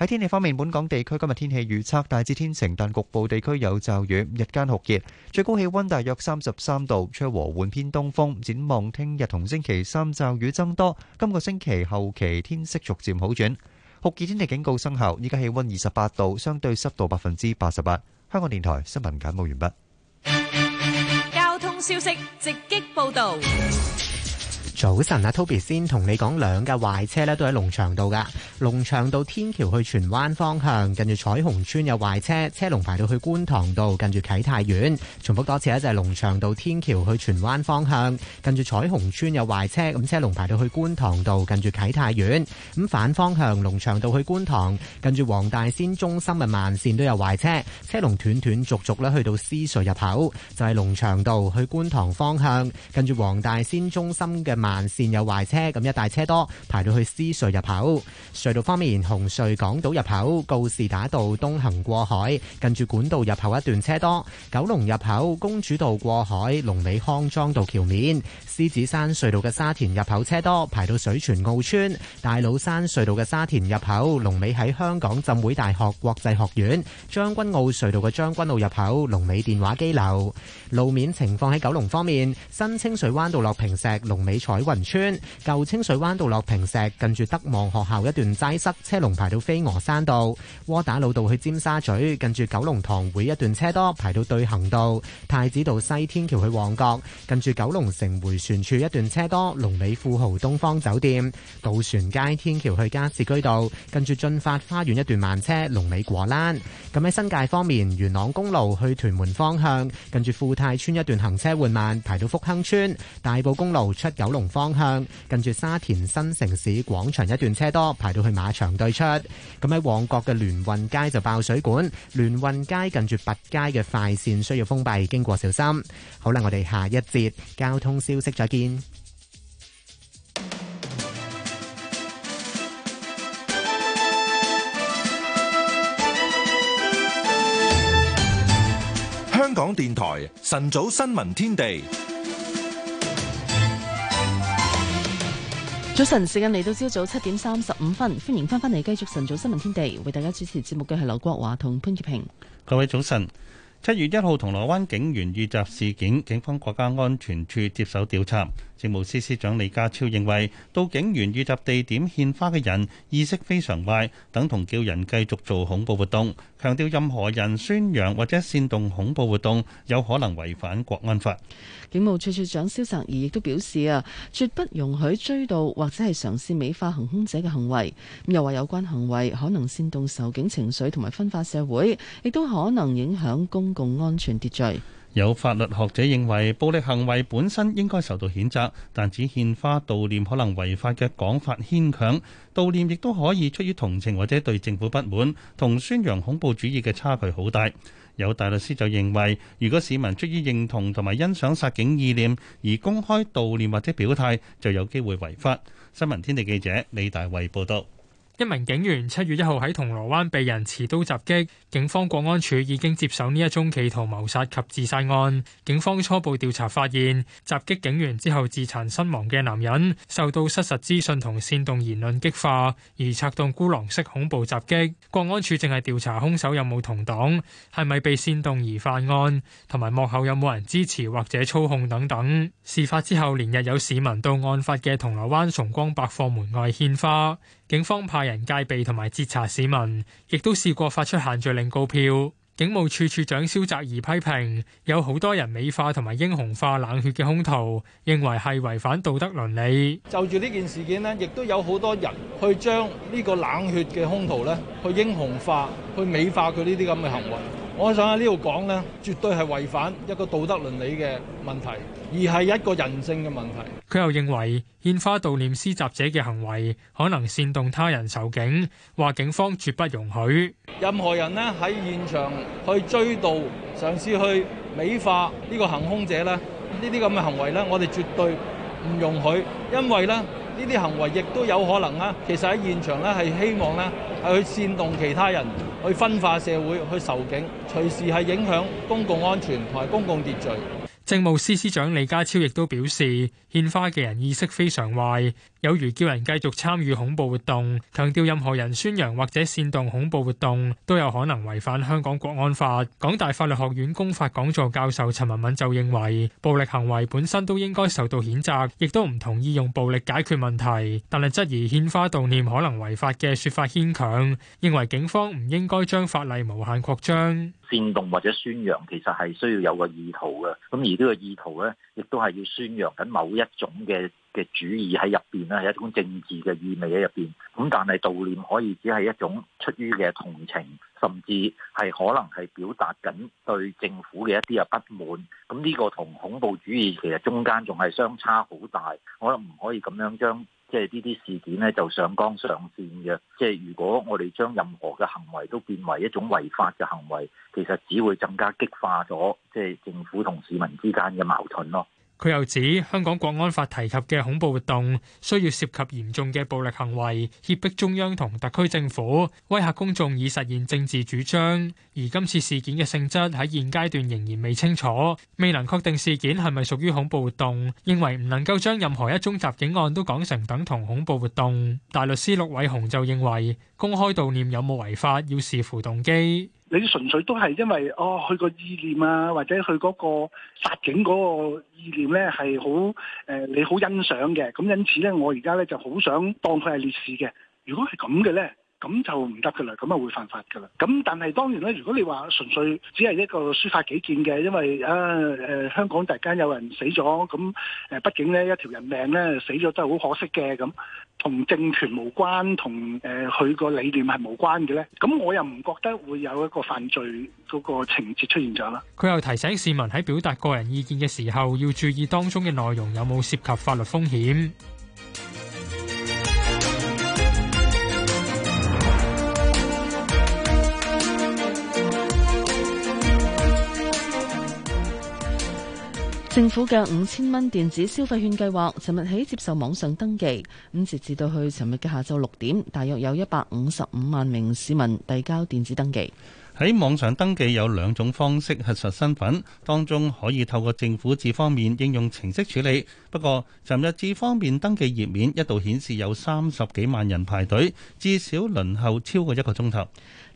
喺天氣方面，本港地區今日天氣預測大致天晴，但局部地區有驟雨，日間酷熱，最高氣溫大約三十三度，吹和緩偏東風。展望聽日同星期三驟雨增多，今個星期後期天色逐漸好轉。酷熱天氣警告生效，依家氣溫二十八度，相對濕度百分之八十八。香港電台新聞簡報完畢。交通消息直擊報道。早晨啊，Toby 先同你講兩架壞車咧，都喺龍翔道噶。龍翔道天橋去荃灣方向，跟住彩虹邨，有壞車，車龍排到去觀塘道，跟住啟泰苑。重複多次咧，就係龍翔道天橋去荃灣方向，跟住彩虹邨，有壞車，咁車龍排到去觀塘道，跟住啟泰苑。咁反方向，龍翔道去觀塘，跟住黃大仙中心嘅慢綫都有壞車，車龍斷斷續續咧，去到獅隧入口，就係龍翔道去觀塘方向，跟住黃大仙中心嘅慢。慢線有壞車，咁一大車多，排到去獅隧入口；隧道方面，紅隧港島入口告士打道東行過海，近住管道入口一段車多；九龍入口公主道過海，龍尾康莊道橋面。獅子山隧道嘅沙田入口車多，排到水泉澳村；大老山隧道嘅沙田入口，龍尾喺香港浸會大學國際學院；將軍澳隧道嘅將軍澳入口，龍尾電話機樓。路面情況喺九龍方面，新清水灣道落坪石，龍尾彩雲村；舊清水灣道落坪石，近住德望學校一段齋塞，車龍排到飛鵝山道；窩打老道去尖沙咀，近住九龍塘會一段車多，排到對行道；太子道西天橋去旺角，近住九龍城回。船處一段車多，龍尾富豪東方酒店，渡船街天橋去加士居道，跟住駿發花園一段慢車，龍尾果欄。咁喺新界方面，元朗公路去屯門方向，跟住富泰村一段行車緩慢，排到福亨村。大埔公路出九龍方向，跟住沙田新城市廣場一段車多，排到去馬場對出。咁喺旺角嘅聯運街就爆水管，聯運街近住弼街嘅快線需要封閉，經過小心。好啦，我哋下一節交通消息。再見。香港電台晨早新聞天地。早晨，時間嚟到朝早七點三十五分，歡迎翻返嚟繼續晨早新聞天地，為大家主持節目嘅係劉國華同潘潔平。各位早晨。七月一號，銅鑼灣警員遇襲事件，警方國家安全處接手調查。政務司司長李家超認為，到警員遇襲地點獻花嘅人意識非常壞，等同叫人繼續做恐怖活動。強調任何人宣揚或者煽動恐怖活動，有可能違反國安法。警務處處長蕭澤頤亦都表示啊，絕不容許追悼或者係嘗試美化行凶者嘅行為。又話有關行為可能煽動仇警情緒同埋分化社會，亦都可能影響公共安全秩序。有法律學者認為，暴力行為本身應該受到譴責，但只獻花悼念可能違法嘅講法牽強。悼念亦都可以出於同情或者對政府不滿，同宣揚恐怖主義嘅差距好大。有大律師就認為，如果市民出於認同同埋欣賞殺警意念而公開悼念或者表態，就有機會違法。新聞天地記者李大衛報導。一名警員七月一號喺銅鑼灣被人持刀襲擊，警方國安處已經接手呢一宗企圖謀殺及自殺案。警方初步調查發現，襲擊警員之後自殘身亡嘅男人受到失實資訊同煽動言論激化，而策動孤狼式恐怖襲擊。國安處正係調查凶手有冇同黨，係咪被煽動而犯案，同埋幕後有冇人支持或者操控等等。事發之後，連日有市民到案發嘅銅鑼灣崇光百貨門外獻花。警方派人戒備同埋截查市民，亦都試過發出限聚令告票。警務處處長蕭澤頤批評，有好多人美化同埋英雄化冷血嘅凶徒，認為係違反道德倫理。就住呢件事件咧，亦都有好多人去將呢個冷血嘅凶徒咧，去英雄化，去美化佢呢啲咁嘅行為。我想喺呢度講咧，絕對係違反一個道德倫理嘅問題。而係一個人性嘅問題。佢又認為，獻花悼念施襲者嘅行為，可能煽動他人仇警，話警方絕不容許。任何人咧喺現場去追悼，嘗試去美化呢個行兇者咧，呢啲咁嘅行為咧，我哋絕對唔容許，因為咧呢啲行為亦都有可能啊。其實喺現場咧係希望咧係去煽動其他人去分化社會，去仇警，隨時係影響公共安全同埋公共秩序。政務司司長李家超亦都表示，獻花嘅人意識非常壞。有如叫人繼續參與恐怖活動，強調任何人宣揚或者煽動恐怖活動都有可能違反香港國安法。港大法律學院公法講座教授陳文敏就認為，暴力行為本身都應該受到譴責，亦都唔同意用暴力解決問題。但係質疑獻花悼念可能違法嘅説法牽強，認為警方唔應該將法例無限擴張。煽動或者宣揚其實係需要有個意圖嘅，咁而呢個意圖咧，亦都係要宣揚緊某一種嘅嘅主意喺入邊啦，係一種政治嘅意味喺入邊，咁但係悼念可以只係一種出於嘅同情，甚至係可能係表達緊對政府嘅一啲啊不滿，咁呢個同恐怖主義其實中間仲係相差好大。我諗唔可以咁樣將即係呢啲事件咧就上綱上線嘅。即係如果我哋將任何嘅行為都變為一種違法嘅行為，其實只會更加激化咗即係政府同市民之間嘅矛盾咯。佢又指香港國安法提及嘅恐怖活動，需要涉及嚴重嘅暴力行為，脅迫中央同特區政府，威嚇公眾以實現政治主張。而今次事件嘅性質喺現階段仍然未清楚，未能確定事件係咪屬於恐怖活動，認為唔能夠將任何一宗襲警案都講成等同恐怖活動。大律師陸偉雄就認為，公開悼念有冇違法，要視乎動機。你純粹都係因為哦，佢個意念啊，或者佢嗰個殺警嗰個意念咧，係好誒，你好欣賞嘅，咁因此咧，我而家咧就好想當佢係烈士嘅。如果係咁嘅咧？咁就唔得噶啦，咁啊會犯法噶啦。咁但係當然啦，如果你話純粹只係一個抒發己見嘅，因為啊誒香港突然間有人死咗，咁誒畢竟呢，一條人命咧死咗真係好可惜嘅。咁同政權無關，同誒佢個理念係無關嘅咧。咁我又唔覺得會有一個犯罪嗰個情節出現咗啦。佢又提醒市民喺表達個人意見嘅時候，要注意當中嘅內容有冇涉及法律風險。政府嘅五千蚊電子消費券計劃，尋日起接受網上登記，咁直至到去尋日嘅下晝六點，大約有一百五十五萬名市民遞交電子登記。喺網上登記有兩種方式核實身份，當中可以透過政府智方便應用程式處理。不過，尋日智方便登記頁面一度顯示有三十幾萬人排隊，至少輪候超過一個鐘頭。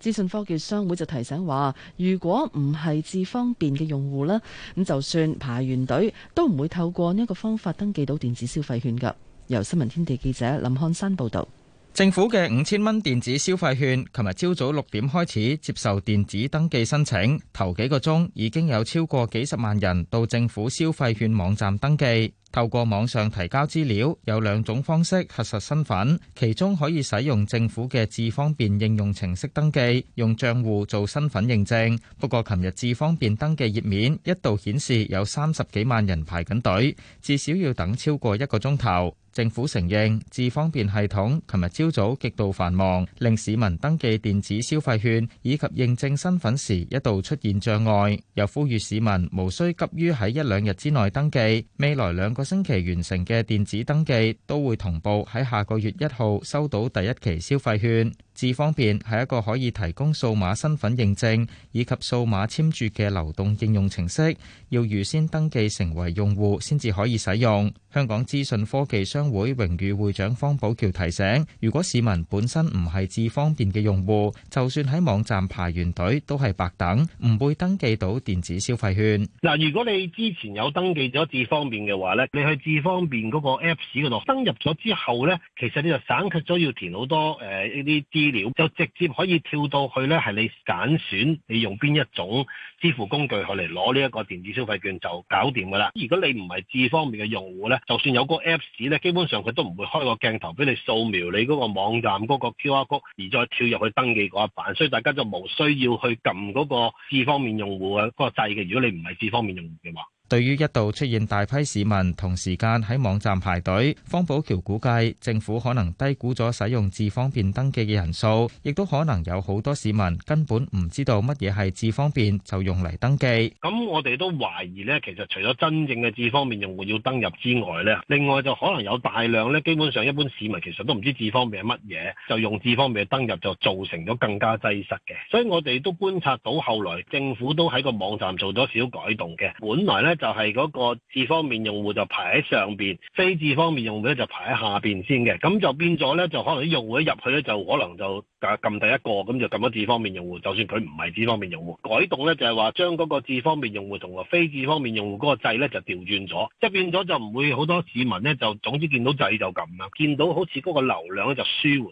資訊科技商會就提醒話，如果唔係智方便嘅用戶呢，咁就算排完隊，都唔會透過呢一個方法登記到電子消費券㗎。由新聞天地記者林漢山報導。政府嘅五千蚊電子消費券，琴日朝早六點開始接受電子登記申請，頭幾個鐘已經有超過幾十萬人到政府消費券網站登記。透過網上提交資料，有兩種方式核實身份，其中可以使用政府嘅智方便應用程式登記，用賬戶做身份認證。不過，琴日智方便登記頁面一度顯示有三十幾萬人排緊隊，至少要等超過一個鐘頭。政府承認智方便系統，琴日朝早極度繁忙，令市民登記電子消費券以及認證身份時一度出現障礙，又呼籲市民無需急於喺一兩日之內登記，未來兩個星期完成嘅電子登記都會同步喺下個月一號收到第一期消費券。智方便係一個可以提供數碼身份認證以及數碼簽注嘅流動應用程式，要預先登記成為用戶先至可以使用。香港資訊科技商會榮譽會長方寶橋提醒，如果市民本身唔係智方便嘅用戶，就算喺網站排完隊都係白等，唔會登記到電子消費券。嗱，如果你之前有登記咗智方便嘅話咧，你去智方便嗰個 Apps 嗰度登入咗之後咧，其實你就省卻咗要填好多誒呢啲。資料就直接可以跳到去呢，係你揀選你用邊一種支付工具去嚟攞呢一個電子消費券就搞掂噶啦。如果你唔係智方便嘅用戶呢，就算有個 apps 呢，基本上佢都唔會開個鏡頭俾你掃描你嗰個網站嗰個 QR code，而再跳入去登記嗰一版。所以大家就冇需要去撳嗰個智方便用戶嘅個掣嘅，如果你唔係智方便用戶嘅話。對於一度出現大批市民同時間喺網站排隊，方保僑估計政府可能低估咗使用智方便登記嘅人數，亦都可能有好多市民根本唔知道乜嘢係智方便就用嚟登記。咁我哋都懷疑呢，其實除咗真正嘅智方便用戶要登入之外呢，另外就可能有大量呢，基本上一般市民其實都唔知智方便係乜嘢，就用智方便登入就造成咗更加擠塞嘅。所以我哋都觀察到後來政府都喺個網站做咗少改動嘅，本來呢。就係嗰個字方面用戶就排喺上邊，非字方面用戶咧就排喺下邊先嘅，咁就變咗咧，就可能啲用戶一入去咧就可能就撳第一個，咁就撳咗字方面用戶，就算佢唔係字方面用戶。改動咧就係話將嗰個字方面用戶同個非字方面用戶嗰個掣咧就調轉咗，即係變咗就唔會好多市民咧就總之見到掣就撳啦，見到好似嗰個流量咧就舒緩。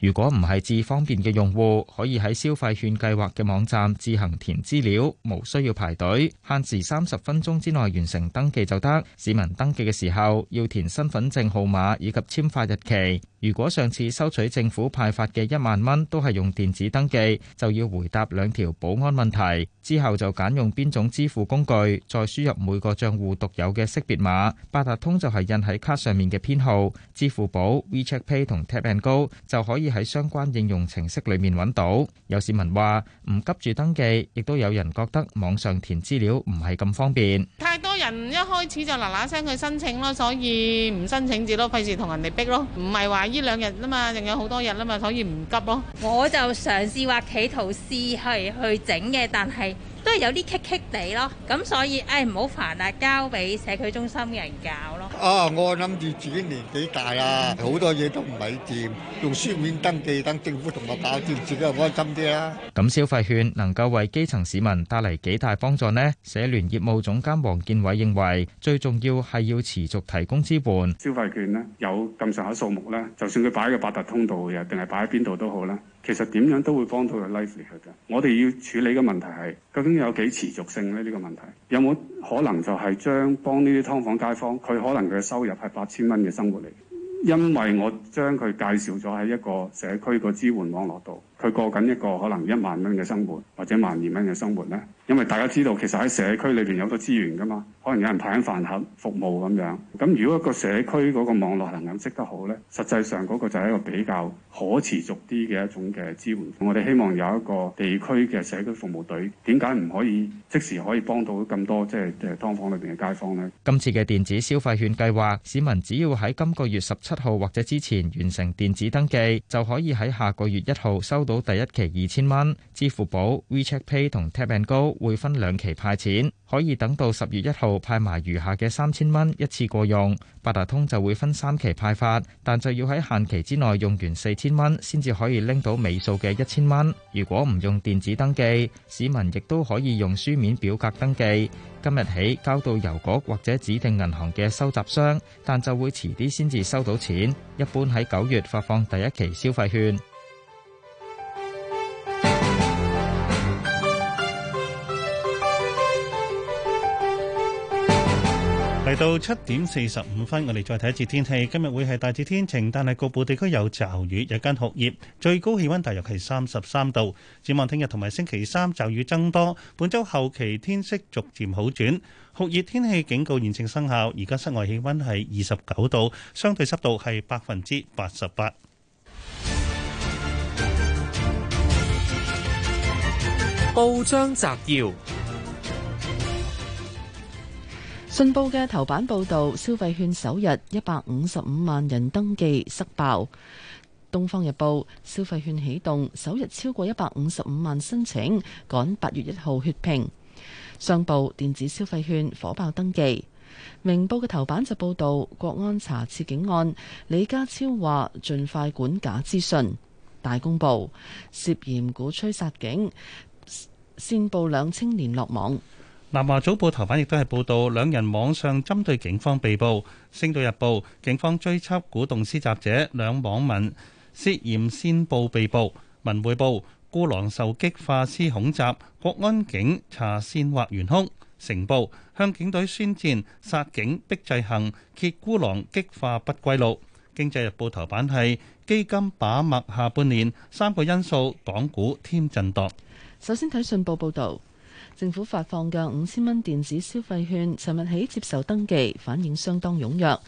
如果唔係至方便嘅用戶，可以喺消費券計劃嘅網站自行填資料，無需要排隊，限時三十分鐘之內完成登記就得。市民登記嘅時候，要填身份證號碼以及簽發日期。如果上次收取政府派發嘅一萬蚊都係用電子登記，就要回答兩條保安問題，之後就揀用邊種支付工具，再輸入每個賬戶獨有嘅識別碼。八達通就係印喺卡上面嘅編號，支付寶、WeChat Pay 同 Tap and Go 就可以喺相關應用程式裏面揾到。有市民話,唔急住登記，亦都有人覺得網上填資料唔係咁方便。人一開始就嗱嗱聲去申請咯，所以唔申請至多費事同人哋逼咯。唔係話呢兩日吖嘛，仲有好多日吖嘛，所以唔急咯。我就嘗試話企圖試去去整嘅，但係。都係有啲棘棘地咯，咁所以誒唔好煩啦，交俾社區中心嘅人搞咯。啊，我諗住自己年紀大啦，好多嘢都唔係掂，用書面登記等政府同我打字，自己又開心啲啦。咁消費券能夠為基層市民帶嚟幾大幫助呢？社聯業務總監黃建偉認為，最重要係要持續提供支援。消費券咧有咁上下數目咧，就算佢擺喺個八達通度又定係擺喺邊度都好啦。其實點樣都會幫到佢嘅生活嚟嘅。我哋要處理嘅問題係究竟有幾持續性咧？呢、這個問題有冇可能就係將幫呢啲劏房街坊，佢可能佢嘅收入係八千蚊嘅生活嚟，因為我將佢介紹咗喺一個社區個支援網絡度。佢過緊一個可能一萬蚊嘅生活，或者萬二蚊嘅生活咧。因為大家知道，其實喺社區裏邊有好多資源噶嘛，可能有人派緊飯盒服務咁樣。咁如果一個社區嗰個網絡能唔能織得好咧，實際上嗰個就係一個比較可持續啲嘅一種嘅支援。我哋希望有一個地區嘅社區服務隊，點解唔可以即時可以幫到咁多即係誒當方裏邊嘅街坊咧？今次嘅電子消費券計劃，市民只要喺今個月十七號或者之前完成電子登記，就可以喺下個月一號收到。到第一期二千蚊，支付寶、WeChat Pay 同 Tap and Go 會分兩期派錢，可以等到十月一號派埋餘下嘅三千蚊一次過用。八達通就會分三期派發，但就要喺限期之內用完四千蚊，先至可以拎到尾數嘅一千蚊。如果唔用電子登記，市民亦都可以用書面表格登記，今日起交到郵局或者指定銀行嘅收集箱，但就會遲啲先至收到錢，一般喺九月發放第一期消費券。嚟到七點四十五分，我哋再睇一次天氣。今日會係大致天晴，但係局部地區有驟雨，有間酷熱。最高氣溫大約係三十三度。展望聽日同埋星期三驟雨增多，本周後期天色逐漸好轉，酷熱天氣警告現正生效。而家室外氣溫係二十九度，相對濕度係百分之八十八。報章摘要。信報嘅頭版報道，消費券首日一百五十五萬人登記，塞爆。東方日報消費券啟動首日超過一百五十五萬申請，趕八月一號血拼。商報電子消費券火爆登記。明報嘅頭版就報道國安查刺警案，李家超話盡快管假資訊。大公報涉嫌鼓吹殺警，綫報兩青年落網。南華早報頭版亦都係報道，兩人網上針對警方被捕。星島日報：警方追緝鼓動施襲者，兩網民涉嫌先報被捕。文匯報：孤狼受激化施恐襲，國安警查線劃圓圈，成報向警隊宣戰，殺警逼制行，揭孤狼激化不歸路。經濟日報頭版係基金把脈下半年，三個因素港股添震盪。首先睇信報報道。政府發放嘅五千蚊電子消費券，尋日起接受登記，反應相當踴躍。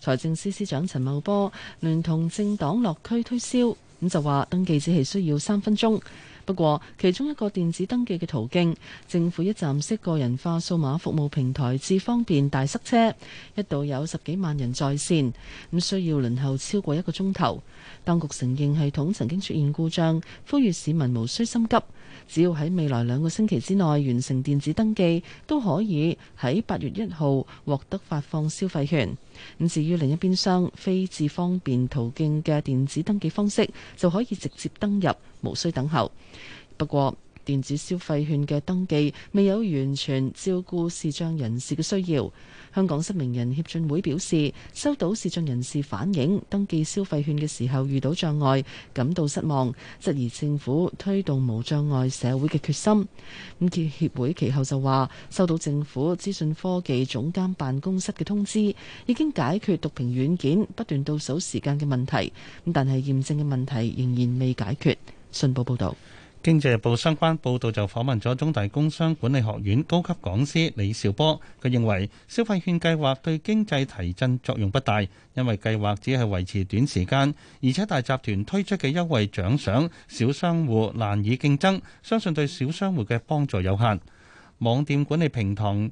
財政司司長陳茂波聯同政黨落區推銷，咁就話登記只係需要三分鐘。不過，其中一個電子登記嘅途徑，政府一站式個人化數碼服務平台智方便大塞車一度有十幾萬人在線，咁需要輪候超過一個鐘頭。當局承認系統曾經出現故障，呼籲市民無需心急。只要喺未來兩個星期之內完成電子登記，都可以喺八月一號獲得發放消費券。咁至於另一邊廂，非至方便途徑嘅電子登記方式，就可以直接登入，無需等候。不過，電子消費券嘅登記未有完全照顧視障人士嘅需要。香港失明人協進會表示，收到視障人士反映，登記消費券嘅時候遇到障礙，感到失望，質疑政府推動無障礙社會嘅決心。咁協會其後就話，收到政府資訊科技總監辦公室嘅通知，已經解決讀屏軟件不斷倒數時間嘅問題，但係驗證嘅問題仍然未解決。信報報道。經濟日報相關報導就訪問咗中大工商管理學院高級講師李兆波，佢認為消費券計劃對經濟提振作用不大，因為計劃只係維持短時間，而且大集團推出嘅優惠獎賞，小商戶難以競爭，相信對小商戶嘅幫助有限。網店管理平臺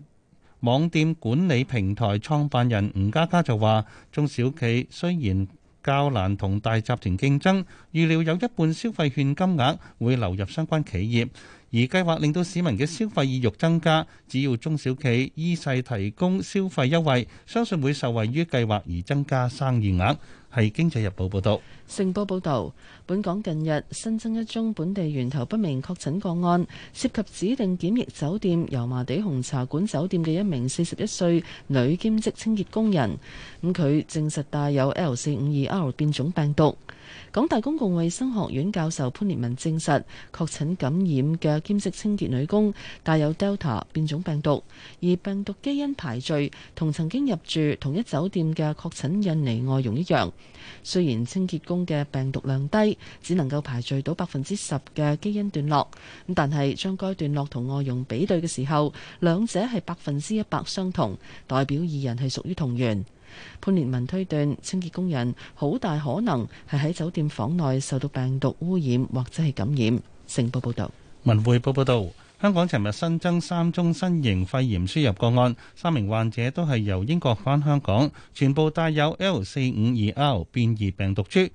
網店管理平台創辦人吳嘉嘉就話，中小企雖然較難同大集團競爭，預料有一半消費券金額會流入相關企業，而計劃令到市民嘅消費意欲增加。只要中小企依勢提供消費優惠，相信會受惠於計劃而增加生意額。係《經濟日報》報導，《成報》報導，本港近日新增一宗本地源頭不明確診個案，涉及指定檢疫酒店油麻地紅茶館酒店嘅一名四十一歲女兼職清潔工人。咁佢證實帶有 L 四五二 R 變種病毒。港大公共衛生學院教授潘烈文證實，確診感染嘅兼職清潔女工帶有 Delta 變種病毒，而病毒基因排序同曾經入住同一酒店嘅確診印尼外傭一樣。雖然清潔工嘅病毒量低，只能夠排序到百分之十嘅基因段落，咁但係將該段落同外傭比對嘅時候，兩者係百分之一百相同，代表二人係屬於同源。潘連文推斷，清潔工人好大可能係喺酒店房內受到病毒污染或者係感染。成報報道，文匯報報道，香港尋日新增三宗新型肺炎輸入個案，三名患者都係由英國返香港，全部帶有 L 四五二 R 變異病毒株。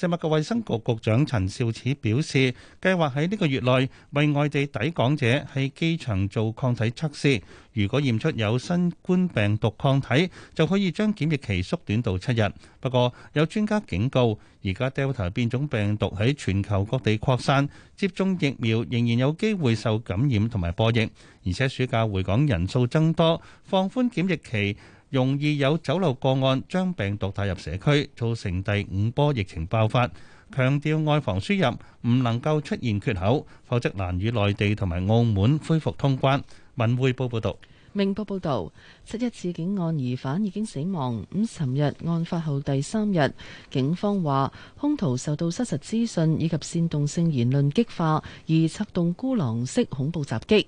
食物及衛生局局長陳肇始表示，計劃喺呢個月內為外地抵港者喺機場做抗體測試，如果驗出有新冠病毒抗體，就可以將檢疫期縮短到七日。不過，有專家警告，而家 Delta 變種病毒喺全球各地擴散，接種疫苗仍然有機會受感染同埋播疫，而且暑假回港人數增多，放寬檢疫期。容易有走漏個案，將病毒帶入社區，造成第五波疫情爆發。強調外防輸入唔能夠出現缺口，否則難與內地同埋澳門恢復通關。文匯報報道。明報報道，七一刺警案疑犯已經死亡。五尋日案發後第三日，警方話兇徒受到失實資訊以及煽動性言論激化，而策動孤狼式恐怖襲擊。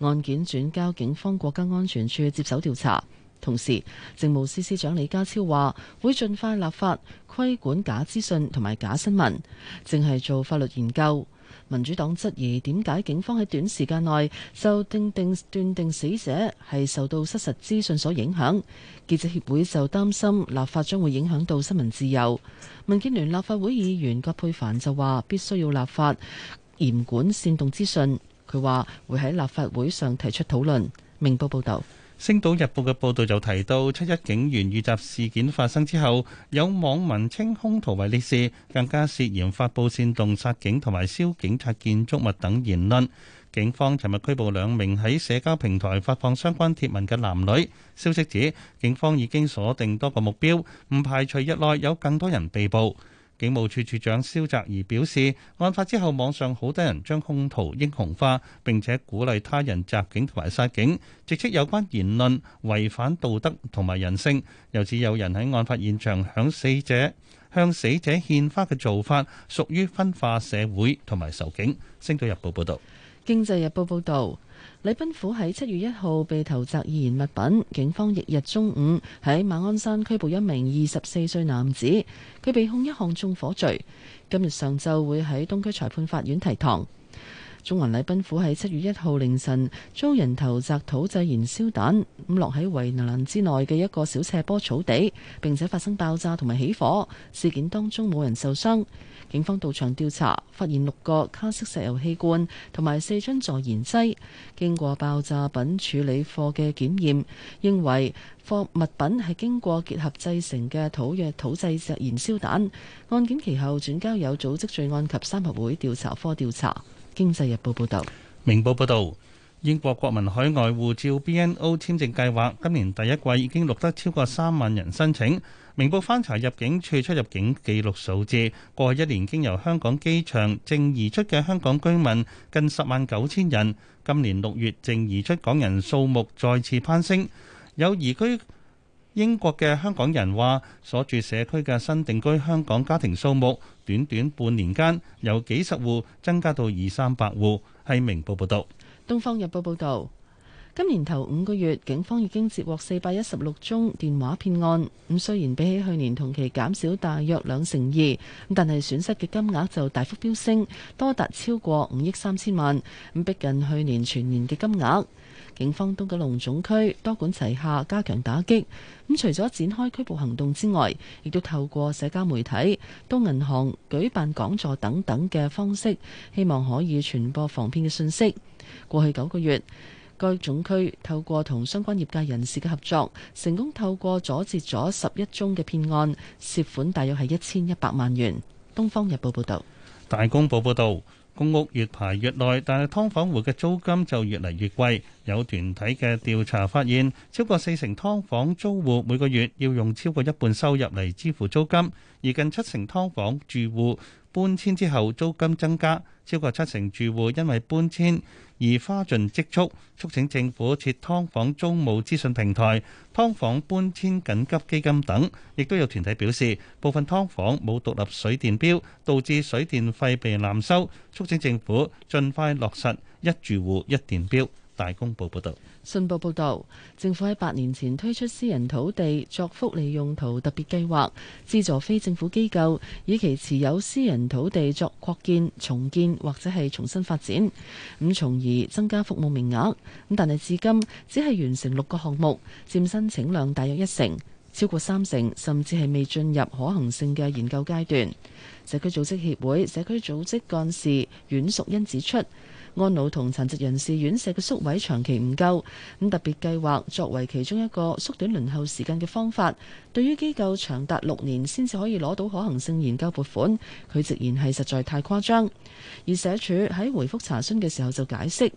案件轉交警方國家安全處接手調查。同時，政務司司長李家超話：會盡快立法規管假資訊同埋假新聞，淨係做法律研究。民主黨質疑點解警方喺短時間內就定定斷定死者係受到失實資訊所影響。記者協會就擔心立法將會影響到新聞自由。民建聯立法會議員葛珮帆就話必須要立法嚴管煽動資訊。佢話會喺立法會上提出討論。明報報道。《星島日報》嘅報導就提到，七一警員遇襲事件發生之後，有網民稱兇徒為烈士，更加涉嫌發布煽動殺警同埋燒警察建築物等言論。警方尋日拘捕兩名喺社交平台發放相關貼文嘅男女。消息指，警方已經鎖定多個目標，唔排除日內有更多人被捕。警務處處長蕭澤頤表示，案發之後網上好多人將兇徒英雄化，並且鼓勵他人襲警同埋殺警，直斥有關言論違反道德同埋人性。又指有人喺案發現場響死者向死者向死者獻花嘅做法，屬於分化社會同埋仇警。《星島日報》報道，《經濟日報》報道。禮賓府喺七月一號被投擲易燃物品，警方翌日中午喺馬鞍山拘捕一名二十四歲男子，佢被控一項縱火罪，今日上晝會喺東區裁判法院提堂。中環禮賓府喺七月一號凌晨遭人投擲土製燃燒彈，咁落喺圍欄之內嘅一個小斜坡草地，並且發生爆炸同埋起火。事件當中冇人受傷。警方到場調查，發現六個卡式石油氣罐同埋四樽助燃劑。經過爆炸品處理貨嘅檢驗，認為貨物品係經過結合製成嘅土約土製石燃燒彈。案件其後轉交有組織罪案及三合會調查科調查。《經濟日報》報道，《明報》報道，英國國民海外護照 BNO 簽證計劃今年第一季已經錄得超過三萬人申請。明報翻查入境處出入境記錄數字，過去一年經由香港機場正移出嘅香港居民近十萬九千人，今年六月正移出港人數目再次攀升。有移居英國嘅香港人話，所住社區嘅新定居香港家庭數目。短短半年間，由幾十戶增加到二三百戶。係明報報道，東方日報報道，今年頭五個月，警方已經接獲四百一十六宗電話騙案。咁雖然比起去年同期減少大約兩成二，但係損失嘅金額就大幅飆升，多達超過五億三千萬，咁逼近去年全年嘅金額。警方東九龍總區多管齊下加強打擊，咁除咗展開拘捕行動之外，亦都透過社交媒體到銀行舉辦講座等等嘅方式，希望可以傳播防騙嘅信息。過去九個月，該總區透過同相關業界人士嘅合作，成功透過阻截咗十一宗嘅騙案，涉款大約係一千一百萬元。《東方日報》報道，大公報報道。公屋越排越耐，但係劏房戶嘅租金就越嚟越貴。有團體嘅調查發現，超過四成劏房租戶每個月要用超過一半收入嚟支付租金，而近七成劏房住戶搬遷之後租金增加。超過七成住戶因為搬遷而花盡積蓄，促請政府設劏房租務資訊平台、劏房搬遷緊急基金等。亦都有團體表示，部分劏房冇獨立水電表，導致水電費被濫收，促請政府盡快落實一住戶一電表。大公報報導，信報報導，政府喺八年前推出私人土地作福利用途特別計劃，資助非政府機構，以其持有私人土地作擴建、重建或者係重新發展，咁從而增加服務名額。咁但係至今只係完成六個項目，佔申請量大約一成，超過三成甚至係未進入可行性嘅研究階段。社區組織協會、社區組織幹事阮淑欣指出。安老同殘疾人士院舍嘅宿位長期唔夠，咁特別計劃作為其中一個縮短輪候時間嘅方法，對於機構長達六年先至可以攞到可行性研究撥款，佢直言係實在太誇張。而社署喺回覆查詢嘅時候就解釋，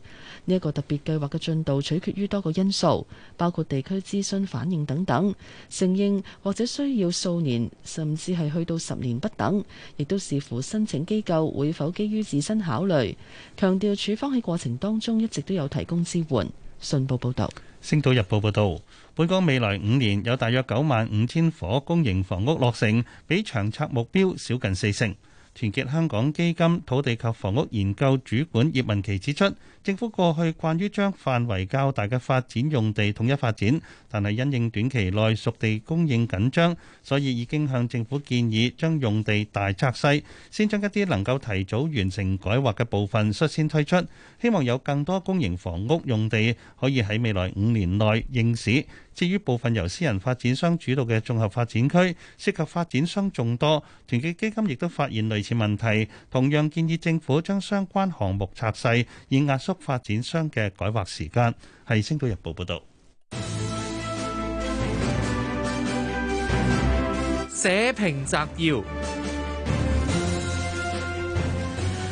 呢一個特別計劃嘅進度取決於多個因素，包括地區諮詢反應等等，承認或者需要數年，甚至係去到十年不等，亦都視乎申請機構會否基於自身考慮，強調全。警方喺過程當中一直都有提供支援。信報報導，《星島日報》報道，本港未來五年有大約九萬五千伙公營房屋落成，比長策目標少近四成。團結香港基金土地及房屋研究主管葉文琪指出，政府過去慣於將範圍較大嘅發展用地統一發展，但係因應短期內熟地供應緊張，所以已經向政府建議將用地大拆細，先將一啲能夠提早完成改劃嘅部分率先推出，希望有更多公營房屋用地可以喺未來五年內應市。至於部分由私人發展商主導嘅綜合發展區，涉及發展商眾多，團結基金亦都發現類似問題，同樣建議政府將相關項目拆細，以壓。發展商嘅改劃時間，係《星島日報》報道。社評摘要。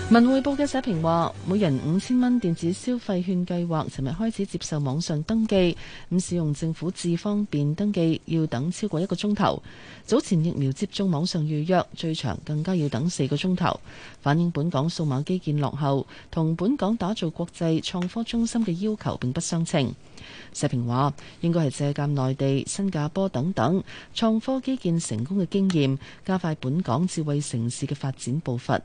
文匯報嘅社評話，每人五千蚊電子消費券計劃，尋日開始接受網上登記。咁使用政府智方便登記，要等超過一個鐘頭。早前疫苗接種網上預約，最長更加要等四個鐘頭。反映本港數碼基建落後，同本港打造國際創科中心嘅要求並不相稱。社評話，應該係借鑒內地、新加坡等等創科基建成功嘅經驗，加快本港智慧城市嘅發展步伐。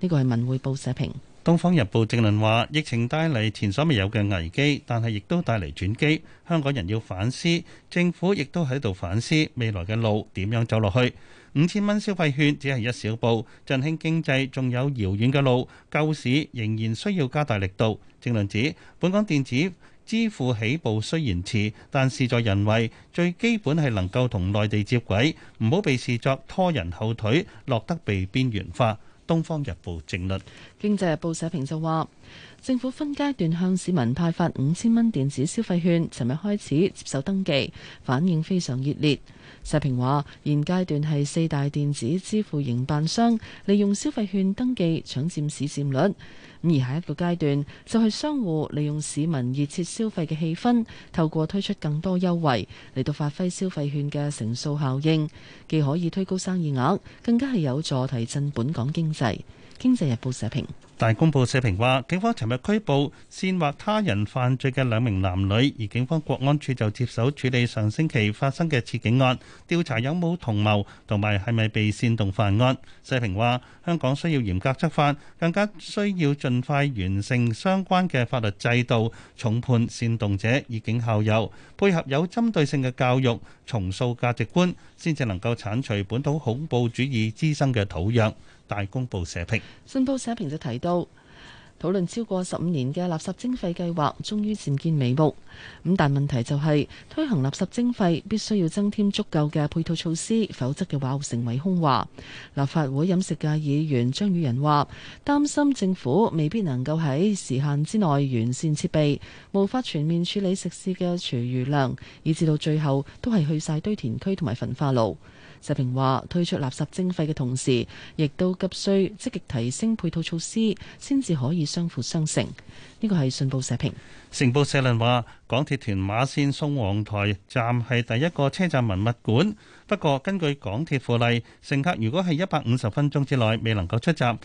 呢個係《文匯報》社評，《東方日報》正論話：疫情帶嚟前所未有嘅危機，但係亦都帶嚟轉機。香港人要反思，政府亦都喺度反思未來嘅路點樣走落去。五千蚊消費券只係一小步，振興經濟仲有遙遠嘅路，救市仍然需要加大力度。正論指，本港電子支付起步雖然遲，但事在人為，最基本係能夠同內地接軌，唔好被視作拖人後腿，落得被邊緣化。東方日報正論。經濟日報社評就話，政府分階段向市民派發五千蚊電子消費券，尋日開始接受登記，反應非常熱烈。社評話：現階段係四大電子支付營辦商利用消費券登記搶佔市佔率，咁而下一個階段就係、是、商戶利用市民熱切消費嘅氣氛，透過推出更多優惠嚟到發揮消費券嘅乘數效應，既可以推高生意額，更加係有助提振本港經濟。經濟日報社評。大公報社評話，警方尋日拘捕煽惑他人犯罪嘅兩名男女，而警方國安處就接手處理上星期發生嘅刺警案，調查有冇同謀同埋係咪被煽動犯案。社評話，香港需要嚴格執法，更加需要盡快完成相關嘅法律制度，重判煽動者以儆效尤，配合有針對性嘅教育，重塑價值觀先至能夠鏟除本土恐怖主義滋生嘅土壤。大公報社評，新報社評就提到，討論超過十五年嘅垃圾徵費計劃，終於漸見眉目。咁但問題就係、是、推行垃圾徵費必須要增添足夠嘅配套措施，否則嘅話會成為空話。立法會飲食界議員張宇人話，擔心政府未必能夠喺時限之內完善設備，無法全面處理食肆嘅廚餘量，以至到最後都係去晒堆填區同埋焚化爐。社評話：推出垃圾徵費嘅同時，亦都急需積極提升配套措施，先至可以相輔相成。呢個係信報社評。成報社論話：港鐵屯馬線宋皇臺站係第一個車站文物館。不過，根據港鐵附例，乘客如果係一百五十分鐘之內未能夠出閘，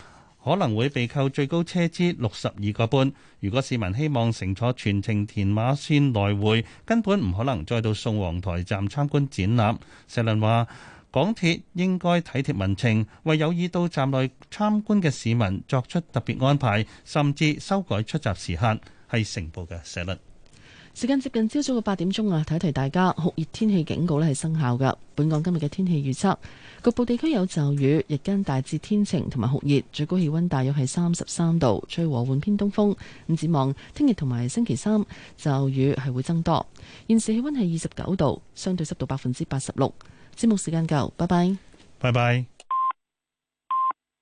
可能會被扣最高車資六十二個半。如果市民希望乘坐全程屯馬線來回，根本唔可能再到宋皇臺站參觀展覽。社論話。港鐵應該體貼民情，為有意到站內參觀嘅市民作出特別安排，甚至修改出閘時限。係成報嘅社論。時間接近朝早嘅八點鐘啊，提提大家酷熱天氣警告呢係生效噶。本港今日嘅天氣預測，局部地區有驟雨，日間大致天晴同埋酷熱，最高氣溫大約係三十三度，吹和緩偏東風。咁展望聽日同埋星期三驟雨係會增多。現時氣溫係二十九度，相對濕度百分之八十六。節目時間夠，拜拜，拜拜。